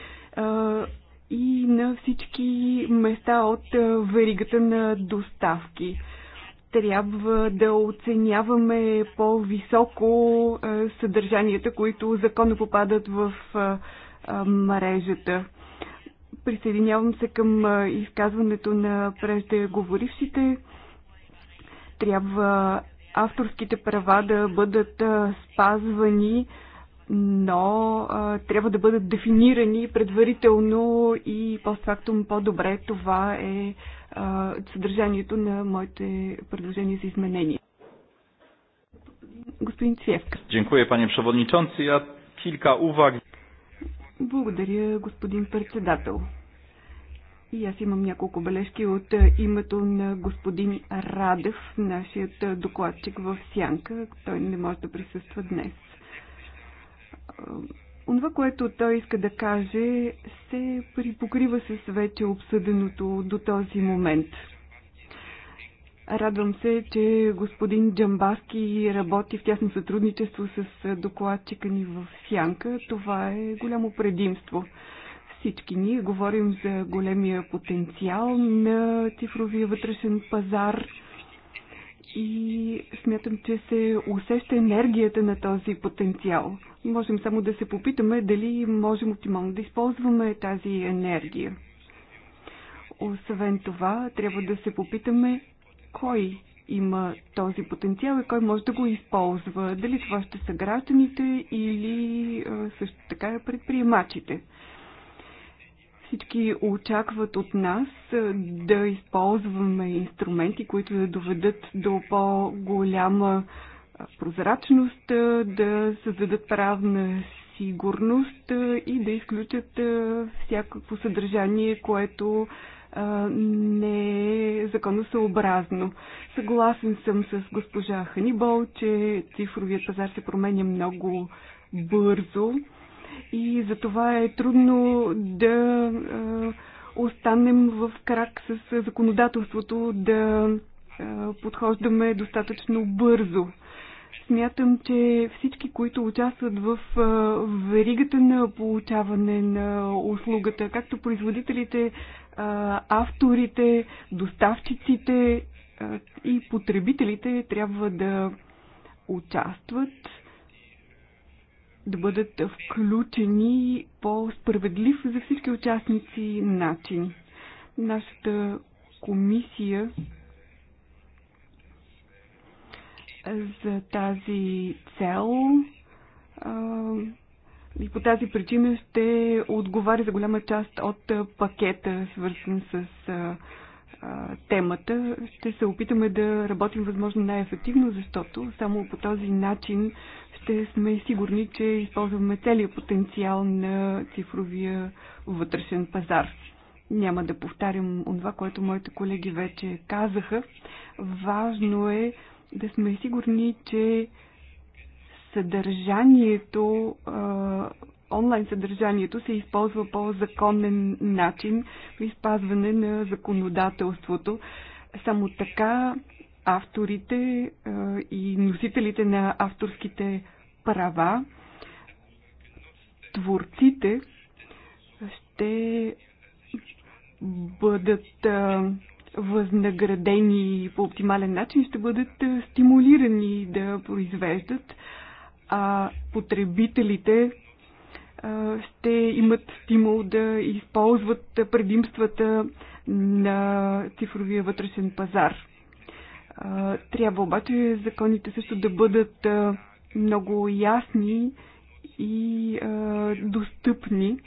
и на всички места от веригата на доставки. Трябва да оценяваме по-високо съдържанията, които законно попадат в мрежата. Присъединявам се към изказването на преждеговорившите. Трябва авторските права да бъдат спазвани, но трябва да бъдат дефинирани предварително и постфактум по-добре. Това е съдържанието на моите предложения за изменения. Господин Цвевка. Дякую, panie przewodniczący. Я kilka увага. Благодаря, господин председател. И аз имам няколко бележки от е, името на господин Радев, нашият е, докладчик в Сянка. Той не може да присъства днес. Е, онова, което той иска да каже, се припокрива с вече обсъденото до този момент. Радвам се, че господин Джамбаски работи в тясно сътрудничество с докладчика ни в Сянка. Това е голямо предимство. Всички ние говорим за големия потенциал на цифровия вътрешен пазар и смятам, че се усеща енергията на този потенциал. Можем само да се попитаме дали можем оптимално да използваме тази енергия. Освен това, трябва да се попитаме кой има този потенциал и кой може да го използва. Дали това ще са гражданите или също така предприемачите. Всички очакват от нас да използваме инструменти, които да доведат до по-голяма прозрачност, да създадат правна сигурност и да изключат всякакво съдържание, което не е законосъобразно. Съгласен съм с госпожа Ханибол, че цифровият пазар се променя много бързо и затова е трудно да останем в крак с законодателството, да подхождаме достатъчно бързо. Смятам, че всички, които участват в веригата на получаване на услугата, както производителите, авторите, доставчиците и потребителите, трябва да участват да бъдат включени по справедлив за всички участници начин. Нашата комисия за тази цел и по тази причина ще отговаря за голяма част от пакета, свързан с темата. Ще се опитаме да работим възможно най-ефективно, защото само по този начин ще сме сигурни, че използваме целият потенциал на цифровия вътрешен пазар. Няма да повтарям това, което моите колеги вече казаха. Важно е да сме сигурни, че съдържанието, онлайн съдържанието се използва по законен начин при спазване на законодателството. Само така авторите и носителите на авторските права, творците ще бъдат възнаградени по оптимален начин, ще бъдат стимулирани да произвеждат, а потребителите ще имат стимул да използват предимствата на цифровия вътрешен пазар. Трябва обаче законите също да бъдат много ясни и достъпни.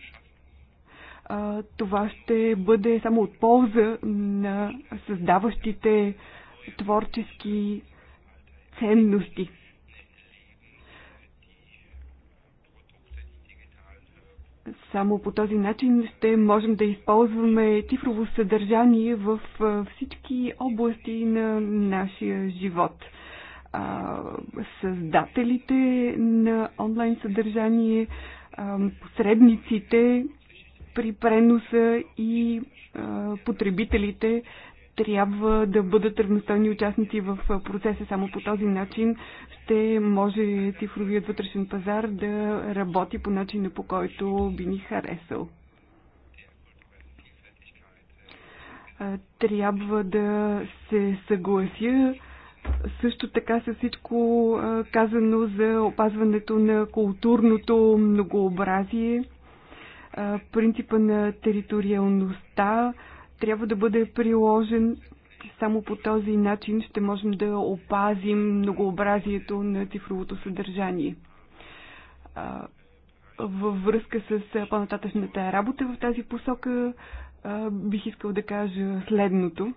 Това ще бъде само от полза на създаващите творчески ценности. Само по този начин ще можем да използваме цифрово съдържание в всички области на нашия живот. Създателите на онлайн съдържание, посредниците при преноса и потребителите трябва да бъдат равностойни участници в процеса. Само по този начин ще може цифровият вътрешен пазар да работи по начина по който би ни харесал. Трябва да се съглася също така с всичко казано за опазването на културното многообразие, принципа на териториалността, трябва да бъде приложен само по този начин ще можем да опазим многообразието на цифровото съдържание. Във връзка с по-нататъчната работа в тази посока бих искал да кажа следното.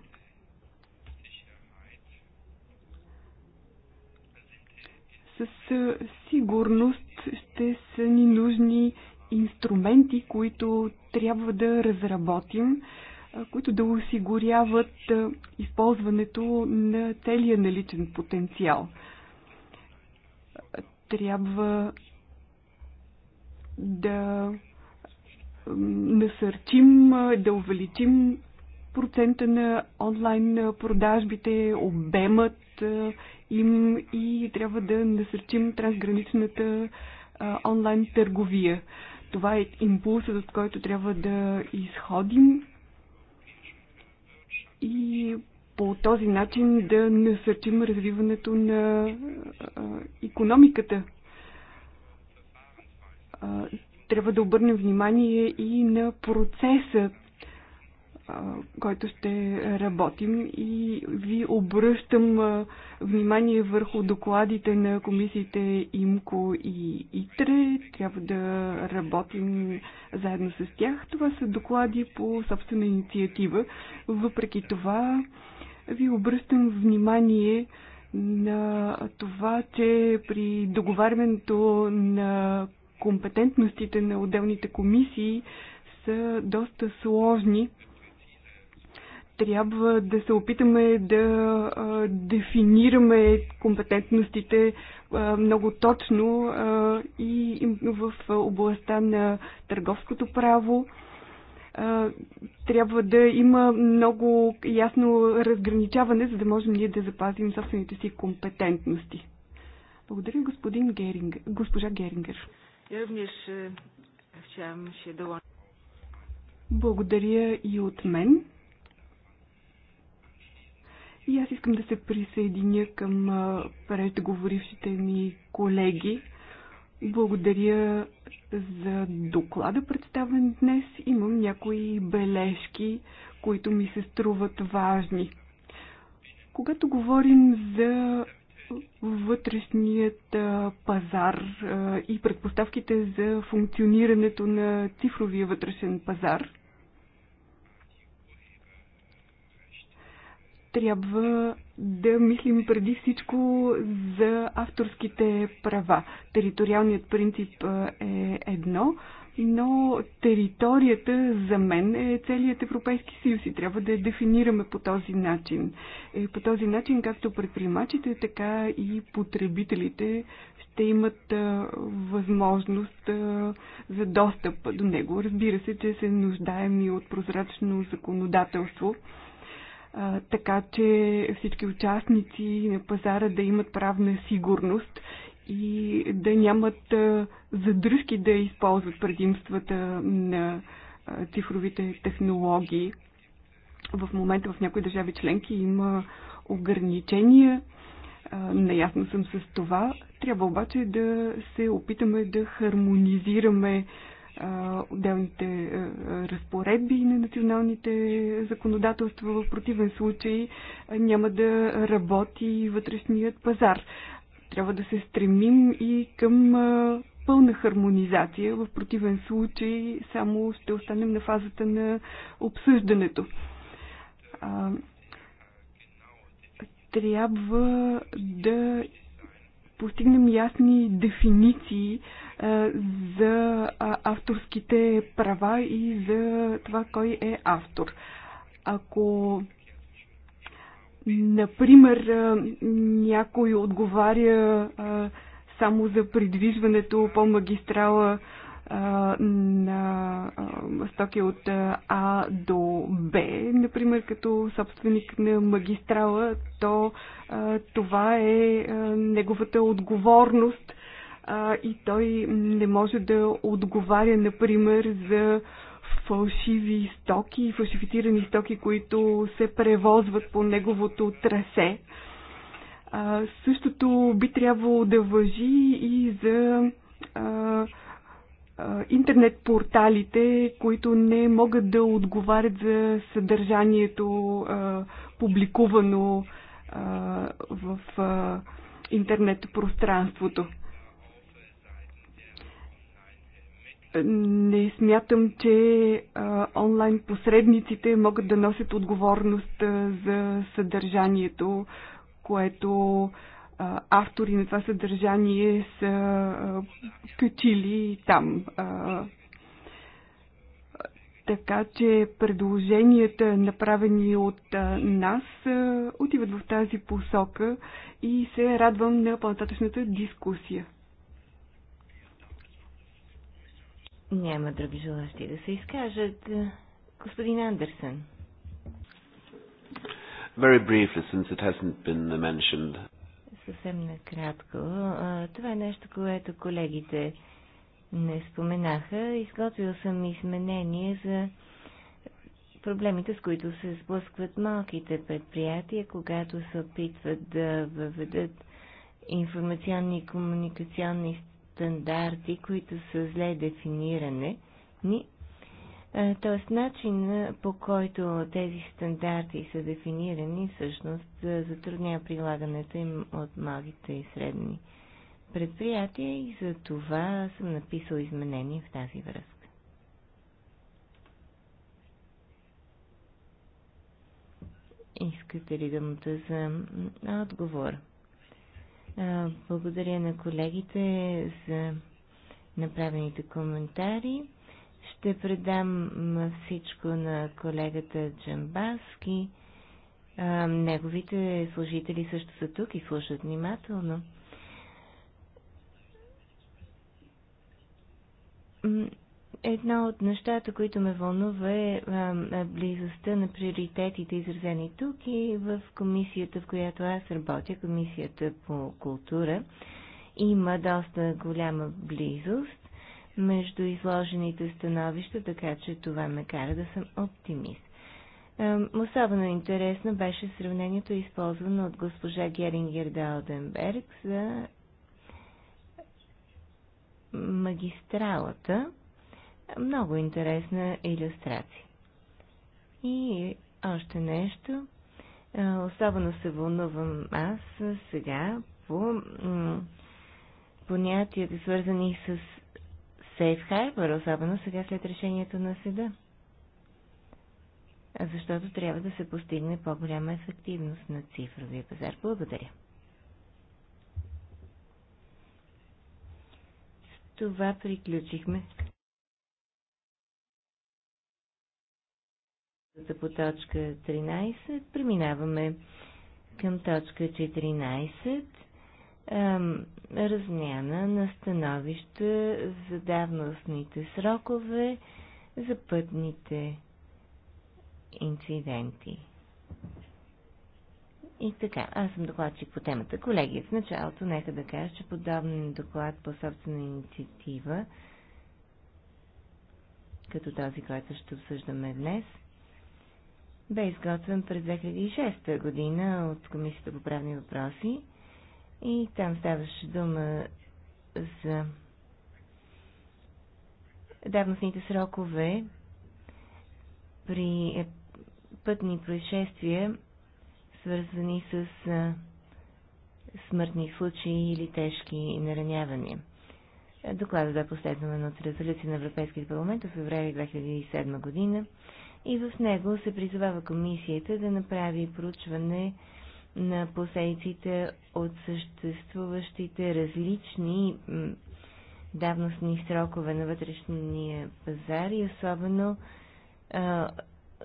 Със сигурност ще са ни нужни инструменти, които трябва да разработим, които да осигуряват използването на целия наличен потенциал. Трябва да насърчим, да увеличим процента на онлайн продажбите, обемът им и трябва да насърчим трансграничната онлайн търговия. Това е импулсът, от който трябва да изходим и по този начин да насърчим развиването на економиката. Трябва да обърнем внимание и на процеса който ще работим и ви обръщам внимание върху докладите на комисиите ИМКО и ИТРЕ. Трябва да работим заедно с тях. Това са доклади по собствена инициатива. Въпреки това ви обръщам внимание на това, че при договарянето на компетентностите на отделните комисии са доста сложни трябва да се опитаме да а, дефинираме компетентностите а, много точно а, и в областта на търговското право. А, трябва да има много ясно разграничаване, за да можем ние да запазим собствените си компетентности. Благодаря, господин Геринг, госпожа Герингер. Е, Благодаря и от мен. И аз искам да се присъединя към преждеговорившите ми колеги. Благодаря за доклада, представен днес. Имам някои бележки, които ми се струват важни. Когато говорим за вътрешният пазар и предпоставките за функционирането на цифровия вътрешен пазар, трябва да мислим преди всичко за авторските права. Териториалният принцип е едно, но територията за мен е целият Европейски съюз и трябва да я дефинираме по този начин. Е, по този начин както предприемачите, така и потребителите ще имат а, възможност а, за достъп до него. Разбира се, че се нуждаем и от прозрачно законодателство така че всички участници на пазара да имат правна сигурност и да нямат задръжки да използват предимствата на цифровите технологии. В момента в някои държави членки има ограничения. Наясно съм с това. Трябва обаче да се опитаме да хармонизираме отделните разпоредби на националните законодателства. В противен случай няма да работи вътрешният пазар. Трябва да се стремим и към пълна хармонизация. В противен случай само ще останем на фазата на обсъждането. Трябва да постигнем ясни дефиниции а, за а, авторските права и за това кой е автор. Ако, например, някой отговаря а, само за придвижването по магистрала на стоки от А до Б, например, като собственик на магистрала, то това е неговата отговорност и той не може да отговаря, например, за фалшиви стоки и фалшифицирани стоки, които се превозват по неговото трасе. същото би трябвало да въжи и за а, интернет порталите, които не могат да отговарят за съдържанието публикувано в интернет пространството. Не смятам, че онлайн посредниците могат да носят отговорност за съдържанието, което а, автори на това съдържание са качили там. Така че предложенията, направени от нас, отиват в тази посока и се радвам на по-нататъчната дискусия. Няма други желащи да се изкажат. Господин Андерсен. Very briefly, since it hasn't been mentioned съвсем накратко. Това е нещо, което колегите не споменаха. Изготвил съм изменение за проблемите, с които се сблъскват малките предприятия, когато се опитват да въведат информационни и комуникационни стандарти, които са зле дефинирани е, тоест, начин по който тези стандарти са дефинирани, всъщност е, затруднява прилагането им от малките и средни предприятия и за това съм написал изменения в тази връзка. Искате ли да му за отговор? Е, благодаря на колегите за направените коментари. Ще предам всичко на колегата Джамбаски. Неговите служители също са тук и слушат внимателно. Едно от нещата, които ме вълнува е близостта на приоритетите, изразени тук и в комисията, в която аз работя, комисията по култура. Има доста голяма близост между изложените становища, така че това ме кара да съм оптимист. Особено интересно беше сравнението, използвано от госпожа Герингер Далденберг за магистралата. Много интересна иллюстрация. И още нещо. Особено се вълнувам аз сега по понятията, свързани с сейф хайбър, особено сега след решението на съда. Защото трябва да се постигне по-голяма ефективност на цифровия пазар. Благодаря. С това приключихме. по точка 13. Преминаваме към точка 14 размяна на становища за давностните срокове за пътните инциденти. И така, аз съм докладчик по темата. Колеги, в началото нека да кажа, че подобен доклад по собствена инициатива, като този, който ще обсъждаме днес, бе изготвен през 2006 година от Комисията по правни въпроси и там ставаше дума за давностните срокове при е, пътни происшествия, свързани с е, смъртни случаи или тежки наранявания. Докладът бе последван от резолюция на Европейския парламент в феврали 2007 година и в него се призовава комисията да направи проучване на последиците от съществуващите различни давностни срокове на вътрешния пазар и особено а,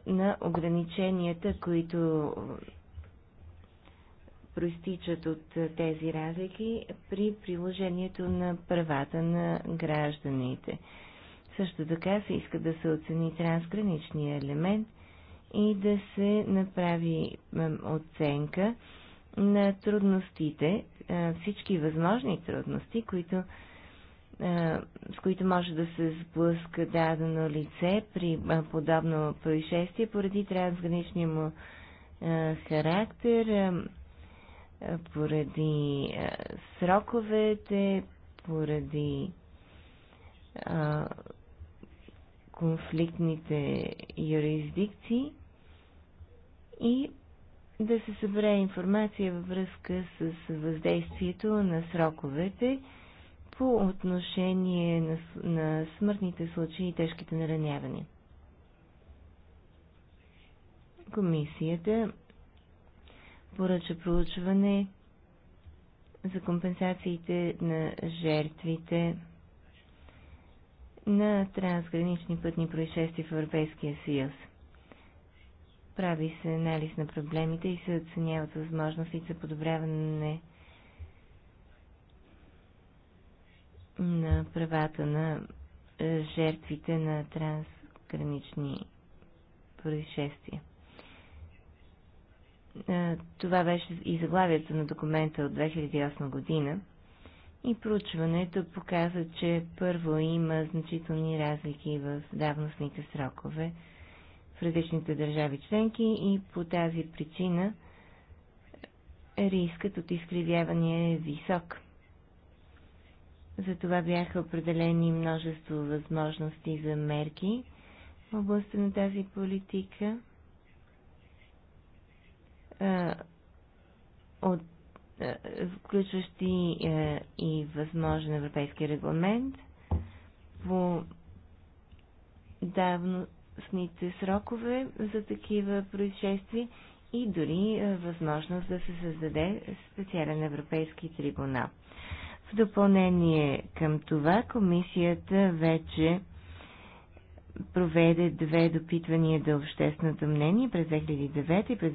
на ограниченията, които проистичат от тези разлики при приложението на правата на гражданите. Също така се иска да се оцени трансграничния елемент – и да се направи оценка на трудностите, всички възможни трудности, които, с които може да се сблъска дадено лице при подобно происшествие поради трансграничния му характер, поради сроковете, поради конфликтните юрисдикции и да се събере информация във връзка с въздействието на сроковете по отношение на, на смъртните случаи и тежките наранявания. Комисията поръча проучване за компенсациите на жертвите на трансгранични пътни происшествия в Европейския съюз – прави се анализ на проблемите и се оценяват възможности за подобряване на правата на е, жертвите на трансгранични происшествия. Е, това беше и заглавието на документа от 2008 година. И проучването показа, че първо има значителни разлики в давностните срокове – различните държави членки и по тази причина рискът от изкривяване е висок. Затова бяха определени множество възможности за мерки в областта на тази политика. От, включващи и възможен европейски регламент по давно сните срокове за такива происшествия и дори е, възможност да се създаде специален европейски трибунал. В допълнение към това, комисията вече проведе две допитвания до общественото мнение през 2009 и през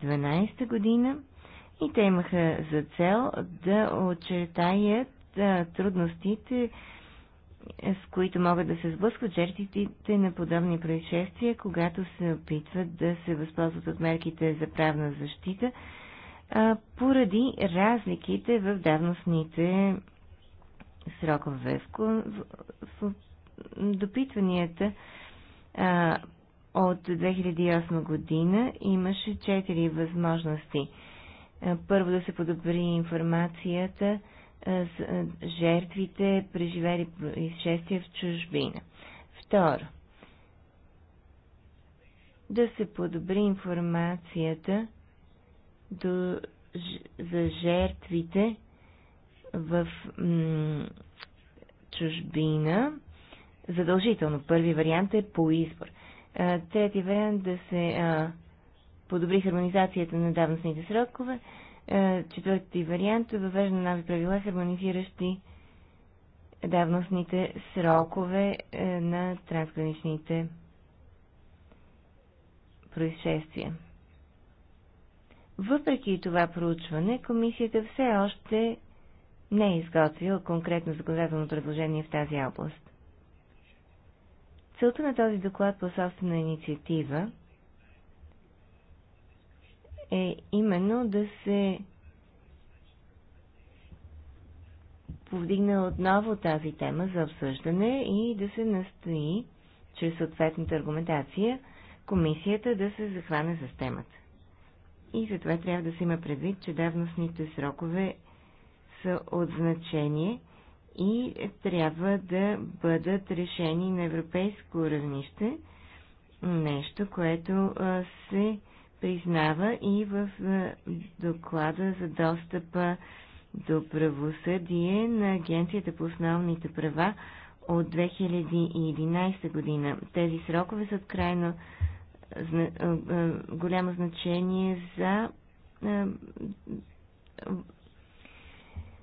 2012 година и те имаха за цел да очертаят е, трудностите с които могат да се сблъскват жертвите на подобни происшествия, когато се опитват да се възползват от мерките за правна защита, поради разликите в давностните срокове. В, в, допитванията от 2008 година имаше четири възможности. Първо да се подобри информацията е, е, жертвите, преживели изшествия в чужбина. Второ, да се подобри информацията до, за жертвите в чужбина. Задължително. Първи вариант е по избор. Е, трети вариант да се а, подобри хармонизацията на давностните срокове. Е, четвърти вариант е въвежда нови правила, хармонизиращи давностните срокове е, на трансграничните происшествия. Въпреки това проучване, комисията все още не е изготвила конкретно законодателно предложение в тази област. Целта на този доклад по собствена инициатива е именно да се повдигне отново тази тема за обсъждане и да се настои, чрез съответната аргументация, комисията да се захване с темата. И затова трябва да се има предвид, че давностните срокове са от значение и трябва да бъдат решени на европейско равнище, нещо, което се признава и в е, доклада за достъпа до правосъдие на Агенцията по основните права от 2011 година. Тези срокове са от крайно е, е, голямо значение за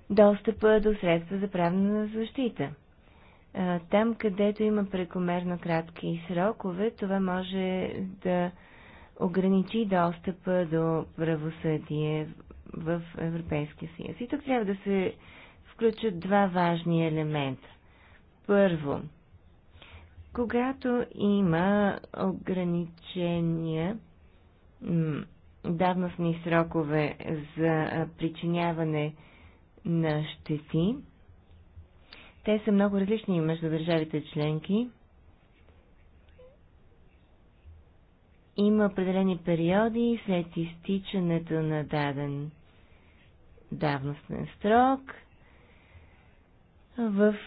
достъпа до средства за правна защита. Там, където има прекомерно кратки срокове, това може да ограничи достъпа до правосъдие в Европейския съюз. И тук трябва да се включат два важни елемента. Първо, когато има ограничения, давностни срокове за причиняване на щети, те са много различни между държавите членки има определени периоди след изтичането на даден давностен строк в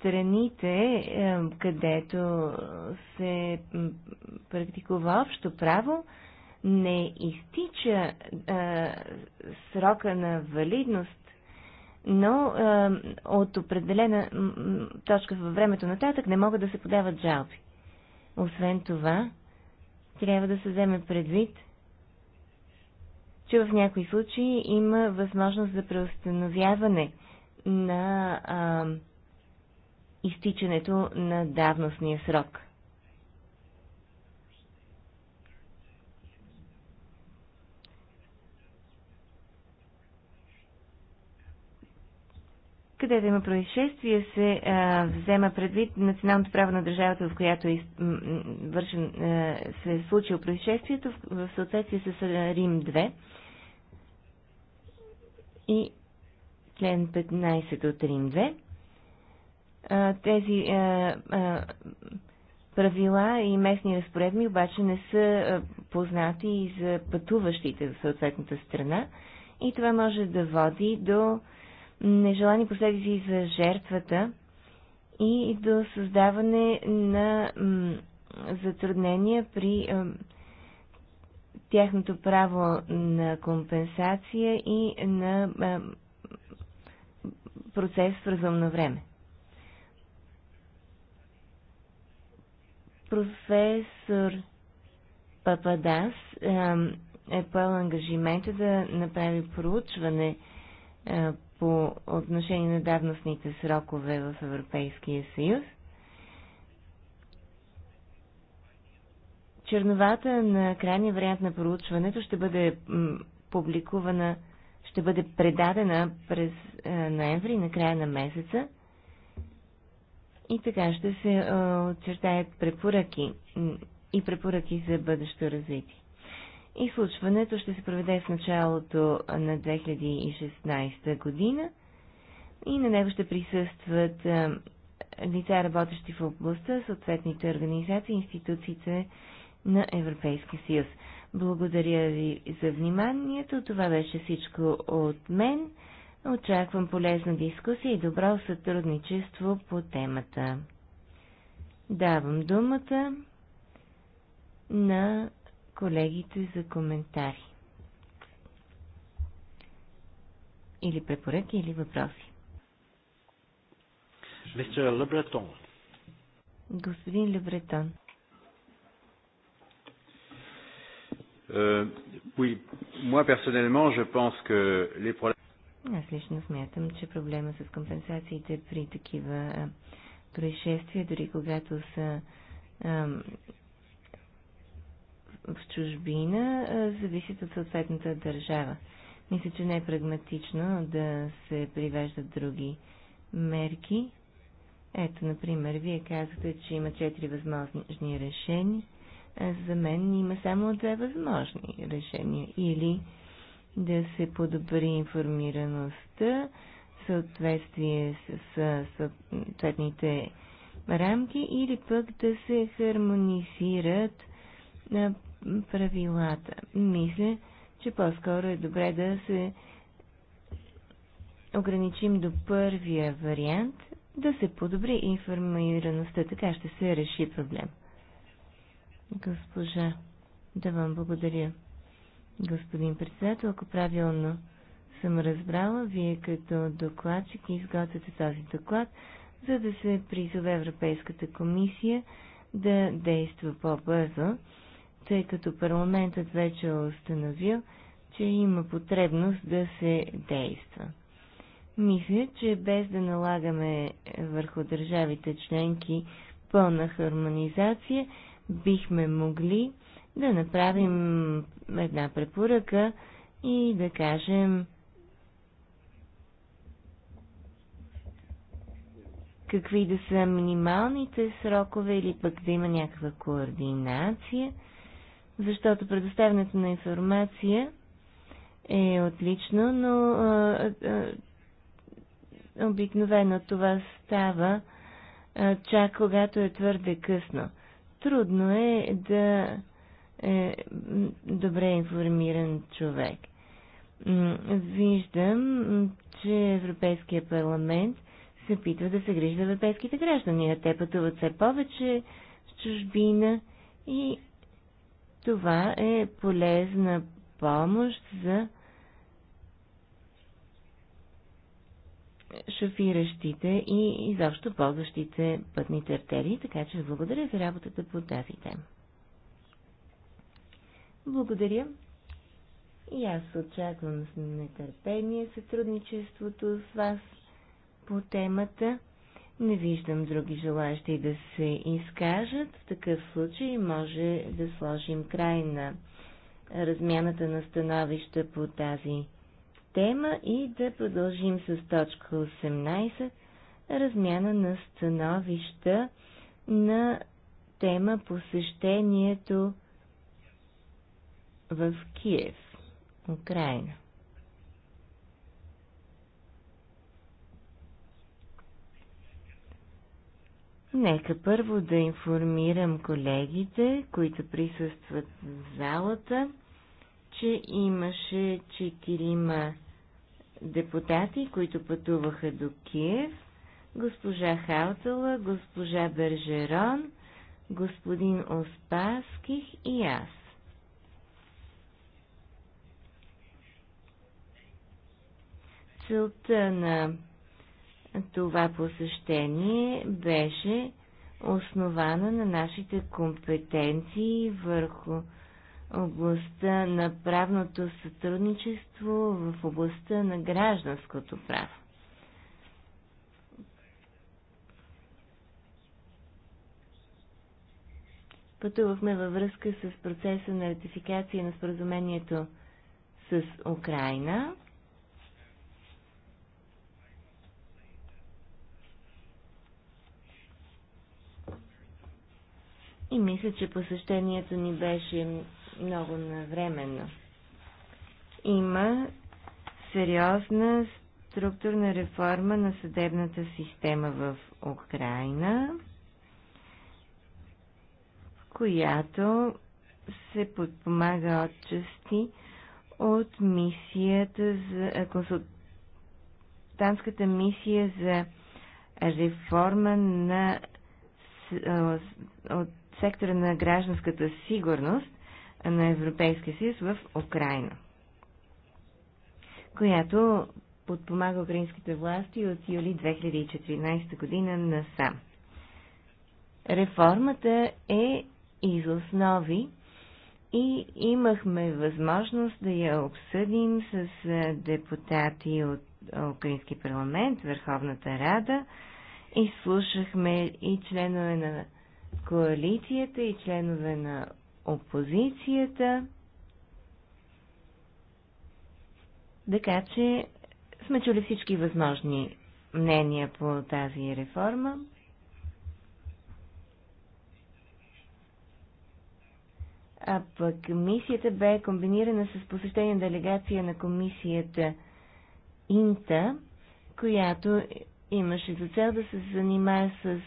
страните, е, където се практикува общо право, не изтича а, срока на валидност но е, от определена точка във времето нататък не могат да се подават жалби. Освен това, трябва да се вземе предвид, че в някои случаи има възможност за преустановяване на а, изтичането на давностния срок – Къде да има происшествие, се а, взема предвид националното право на държавата, в която е, вършен, а, се е случило происшествието, в, в съответствие с Рим 2 и член 15 от Рим 2. А, тези а, а, правила и местни разпоредби обаче не са познати и за пътуващите в съответната страна и това може да води до нежелани последици за жертвата и до създаване на затруднения при тяхното право на компенсация и на процес в разумно време. Професор Пападас е поел ангажимента да направи проучване по отношение на давностните срокове в Европейския съюз. Черновата на крайния вариант на проучването ще бъде публикувана, ще бъде предадена през е, ноември, на края на месеца. И така ще се е, очертаят препоръки и препоръки за бъдещо развитие. Изслушването ще се проведе в началото на 2016 година и на него ще присъстват лица, работещи в областта, съответните организации и институциите на Европейския съюз. Благодаря ви за вниманието. Това беше всичко от мен. Очаквам полезна дискусия и добро сътрудничество по темата. Давам думата на колегите за коментари. Или препоръки, или въпроси. Мистер Лебретон. Господин Лебретон. Е, oui, moi je pense que les Аз лично смятам, че проблема с компенсациите при такива происшествия, дори когато са в чужбина зависят от съответната държава. Мисля, че не е прагматично да се привеждат други мерки. Ето, например, вие казахте, че има четири възможни решения. А за мен има само две възможни решения. Или да се подобри информираността в съответствие с съответните рамки, или пък да се хармонизират правилата. Мисля, че по-скоро е добре да се ограничим до първия вариант, да се подобри информираността. Така ще се реши проблем. Госпожа, да вам благодаря. Господин председател, ако правилно съм разбрала, вие като докладчик изготвяте този доклад, за да се призове Европейската комисия да действа по-бързо тъй като парламентът вече е установил, че има потребност да се действа. Мисля, че без да налагаме върху държавите членки пълна хармонизация, бихме могли да направим една препоръка и да кажем какви да са минималните срокове или пък да има някаква координация – защото предоставянето на информация е отлично, но а, а, обикновено това става а, чак когато е твърде късно. Трудно е да е добре информиран човек. Виждам, че Европейския парламент се опитва да се грижи за европейските граждани, а те пътуват все повече в чужбина и това е полезна помощ за шофиращите и изобщо ползващите пътните артерии, така че благодаря за работата по тази тема. Благодаря. И аз очаквам с нетърпение сътрудничеството с вас по темата. Не виждам други желащи да се изкажат. В такъв случай може да сложим край на размяната на становища по тази тема и да продължим с точка 18 размяна на становища на тема посещението в Киев, Украина. Нека първо да информирам колегите, които присъстват в залата, че имаше четирима депутати, които пътуваха до Киев. Госпожа Хаутала, госпожа Бержерон, господин Оспаских и аз. Целта на това посещение беше основана на нашите компетенции върху областта на правното сътрудничество в областта на гражданското право. Пътувахме във връзка с процеса на ратификация на споразумението с Украина. И мисля, че посещението ни беше много навременно. Има сериозна структурна реформа на съдебната система в Украина, която се подпомага отчасти от мисията за е, консултантската мисия за реформа на е, от сектора на гражданската сигурност на Европейския съюз в Украина, която подпомага украинските власти от юли 2014 година насам. Реформата е из основи и имахме възможност да я обсъдим с депутати от Украински парламент, Върховната Рада, изслушахме и членове на коалицията и членове на опозицията. Така че сме чули всички възможни мнения по тази реформа. А пък мисията бе комбинирана с посещение на делегация на комисията Инта, която имаше за цел да се занимае с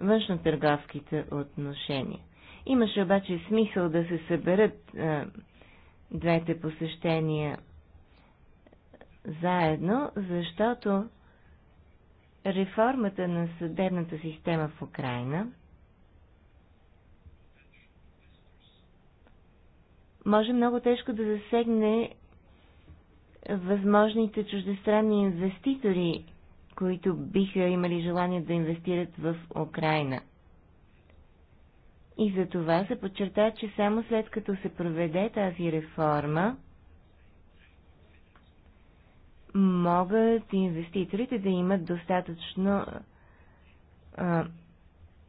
външно-търговските отношения. Имаше обаче смисъл да се съберат а, двете посещения заедно, защото реформата на съдебната система в Украина може много тежко да засегне възможните чуждестранни инвеститори които биха имали желание да инвестират в Украина. И за това се подчерта, че само след като се проведе тази реформа, могат инвеститорите да имат достатъчно а,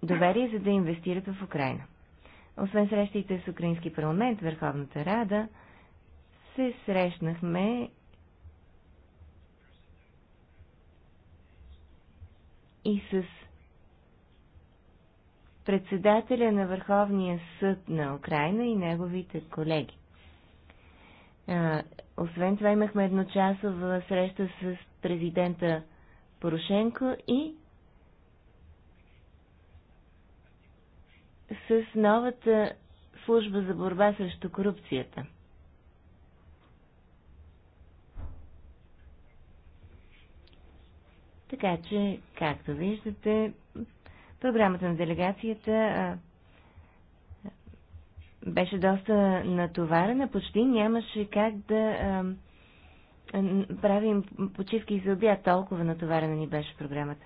доверие, за да инвестират в Украина. Освен срещите с Украински парламент, Върховната Рада, се срещнахме и с председателя на Върховния съд на Украина и неговите колеги. А, освен това имахме едночасова среща с президента Порошенко и с новата служба за борба срещу корупцията. Така че, както виждате, програмата на делегацията а, беше доста натоварена, почти нямаше как да а, правим почивки за обяд, толкова натоварена ни беше програмата.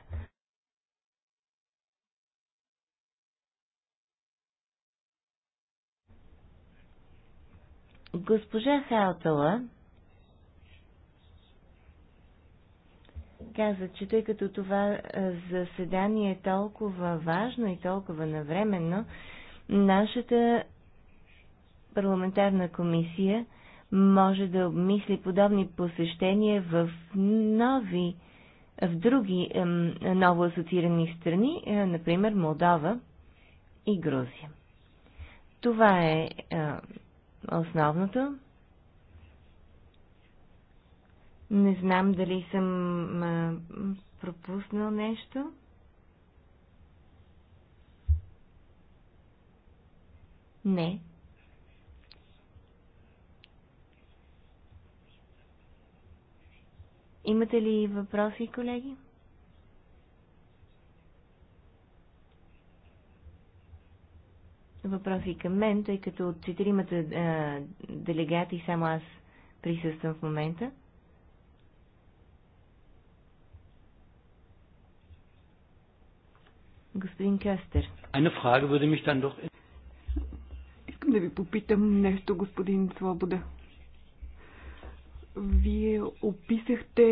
Госпожа Хаутала каза, че тъй като това заседание е толкова важно и толкова навременно, нашата парламентарна комисия може да обмисли подобни посещения в нови, в други ново асоциирани страни, е, например Молдова и Грузия. Това е, е основното. Не знам дали съм а, пропуснал нещо. Не. Имате ли въпроси, колеги? Въпроси към мен, тъй като от четиримата делегати само аз присъствам в момента. Господин Кастер. Искам да ви попитам нещо, господин Свобода. Вие описахте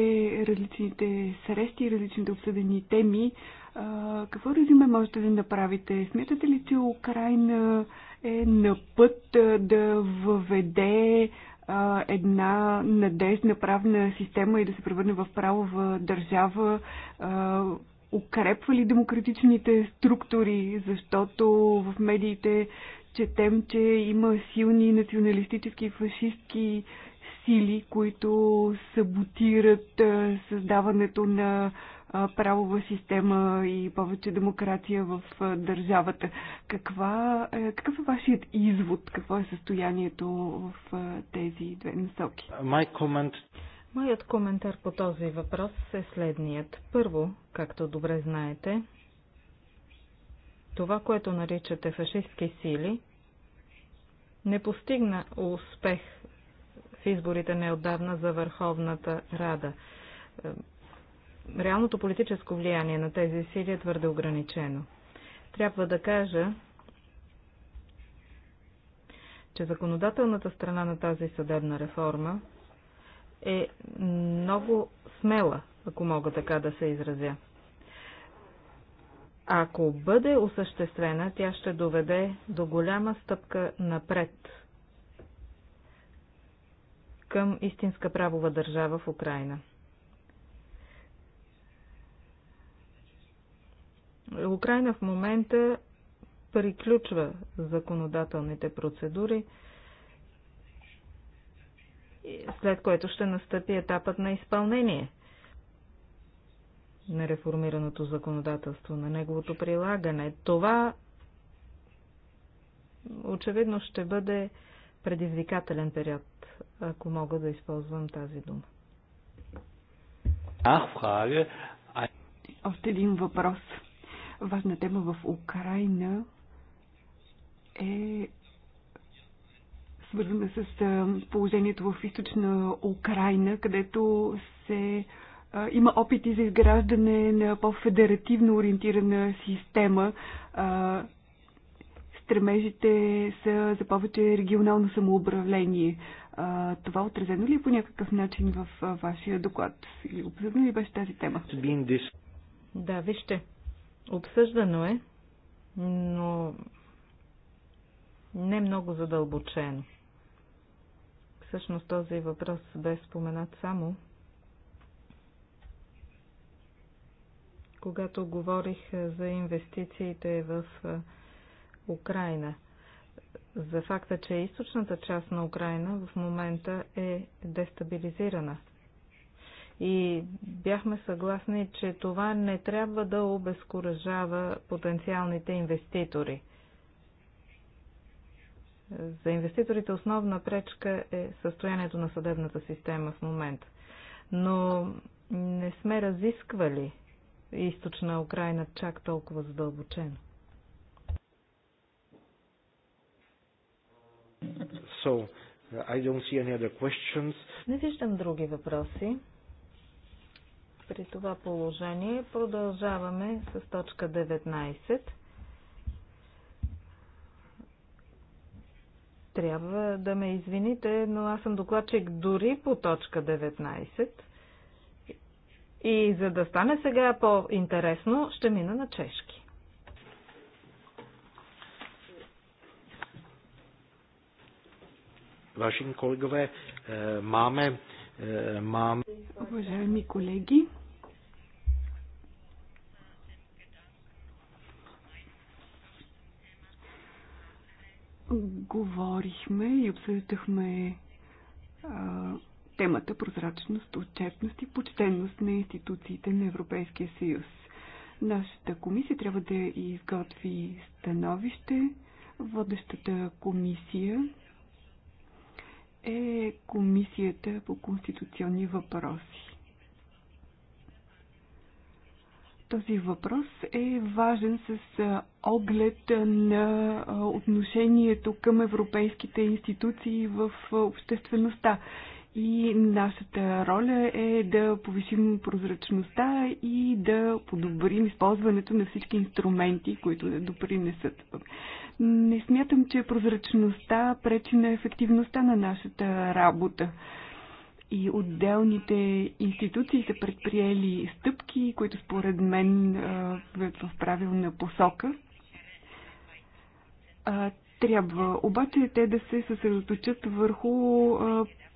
различните срещи, различните обсъдени теми. А, какво резюме можете да направите? Смятате ли, че Украина е на път да въведе а, една надежна правна система и да се превърне в правова държава, а, укрепвали демократичните структури, защото в медиите четем, че има силни националистически и фашистски сили, които саботират създаването на правова система и повече демокрация в държавата. Каква, какъв е вашият извод? Какво е състоянието в тези две насоки? My comment Моят коментар по този въпрос е следният. Първо, както добре знаете, това, което наричате фашистски сили, не постигна успех в изборите неотдавна за Върховната Рада. Е, реалното политическо влияние на тези сили е твърде ограничено. Трябва да кажа, че законодателната страна на тази съдебна реформа е много смела, ако мога така да се изразя. Ако бъде осъществена, тя ще доведе до голяма стъпка напред към истинска правова държава в Украина. Украина в момента приключва законодателните процедури е, след което ще настъпи етапът на изпълнение на реформираното законодателство, на неговото прилагане. Това очевидно ще бъде предизвикателен период, ако мога да използвам тази дума. Още един въпрос. Важна тема в Украина е свързана с положението в източна Украина, където се има опити за изграждане на по-федеративно ориентирана система. стремежите са за повече регионално самоуправление. това отразено ли е по някакъв начин в вашия доклад? Или обсъдна ли беше тази тема? Да, вижте. Обсъждано е, но не много задълбочено. Всъщност този въпрос бе споменат само когато говорих за инвестициите в Украина. За факта, че източната част на Украина в момента е дестабилизирана. И бяхме съгласни, че това не трябва да обезкуражава потенциалните инвеститори – за инвеститорите основна пречка е състоянието на съдебната система в момента. Но не сме разисквали източна Украина чак толкова задълбочено. So, uh, I don't see any other questions. Не виждам други въпроси. При това положение продължаваме с точка 19. Трябва да ме извините, но аз съм докладчик дори по точка 19. И за да стане сега по-интересно, ще мина на чешки. Ваши колегове, е, маме, е, маме. Уважаеми колеги, Говорихме и обсъждахме а, темата прозрачност, отчетност и почтенност на институциите на Европейския съюз. Нашата комисия трябва да изготви становище. Водещата комисия е Комисията по конституционни въпроси. Този въпрос е важен с оглед на отношението към европейските институции в обществеността. И нашата роля е да повишим прозрачността и да подобрим използването на всички инструменти, които да допринесат. Не смятам, че прозрачността пречи на ефективността на нашата работа и отделните институции са предприели стъпки, които според мен е, в правилна посока. Трябва обаче те да се съсредоточат върху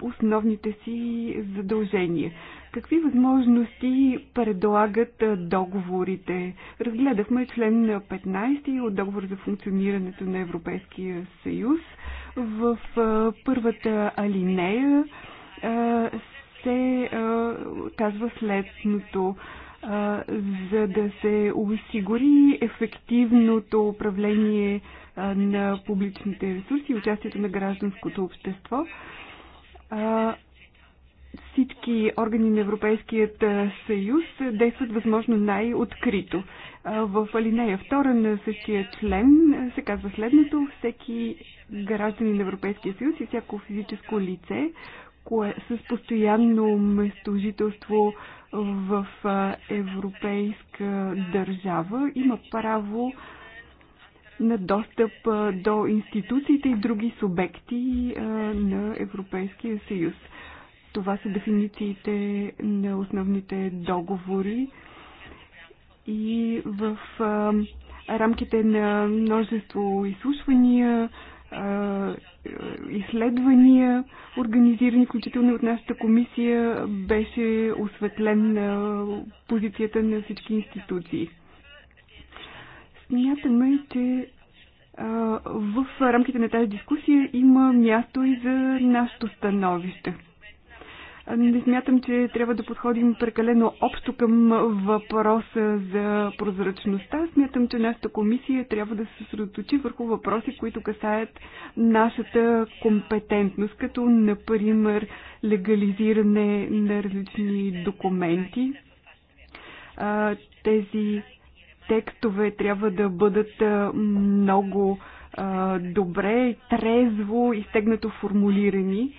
основните си задължения. Какви възможности предлагат договорите? Разгледахме член 15 от договор за функционирането на Европейския съюз. В първата алинея се казва следното. За да се осигури ефективното управление на публичните ресурси и участието на гражданското общество, всички органи на Европейският съюз действат възможно най-открито. В алинея 2 на същия член се казва следното. Всеки гражданин на Европейския съюз и всяко физическо лице, кое, с постоянно местожителство в европейска държава има право на достъп до институциите и други субекти на Европейския съюз. Това са дефинициите на основните договори и в рамките на множество изслушвания изследвания, организирани включително от нашата комисия, беше осветлен на позицията на всички институции. Смятаме, че в рамките на тази дискусия има място и за нашето становище. Не ами, смятам, че трябва да подходим прекалено общо към въпроса за прозрачността. Смятам, че нашата комисия трябва да се съсредоточи върху въпроси, които касаят нашата компетентност, като, например, легализиране на различни документи. Тези текстове трябва да бъдат много добре, трезво, изтегнато формулирани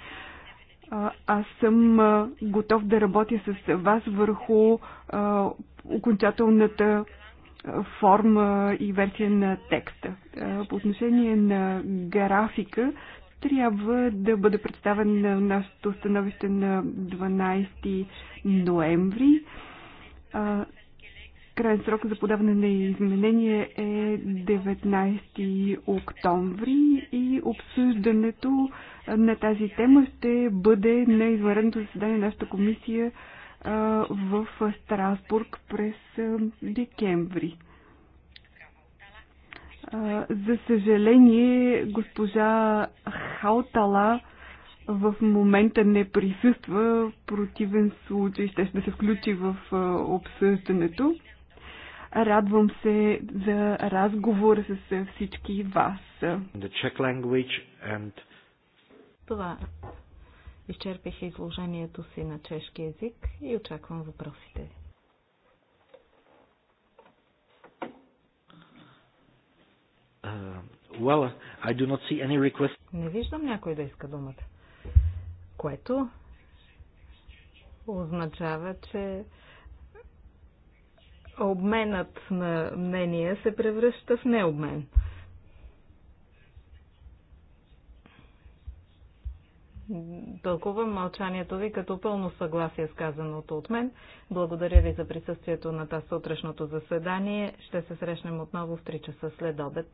аз съм готов да работя с вас върху окончателната форма и версия на текста. По отношение на графика, трябва да бъде представен на нашето становище на 12 ноември. Крайен срок за подаване на изменение е 19 октомври и обсъждането на тази тема ще бъде на извънредното заседание на нашата комисия в Страсбург през декември. За съжаление, госпожа Хаутала в момента не присъства. В противен случай ще ще се включи в обсъждането. Радвам се за разговора с всички вас. The Czech language and това изчерпих изложението си на чешки язик и очаквам въпросите Uh, well, I do not see any request. Не виждам някой да иска думата. Което означава, че обменът на мнение се превръща в необмен. тълкувам мълчанието ви като пълно съгласие с казаното от мен. Благодаря ви за присъствието на тази сутрешното заседание. Ще се срещнем отново в 3 часа след обед.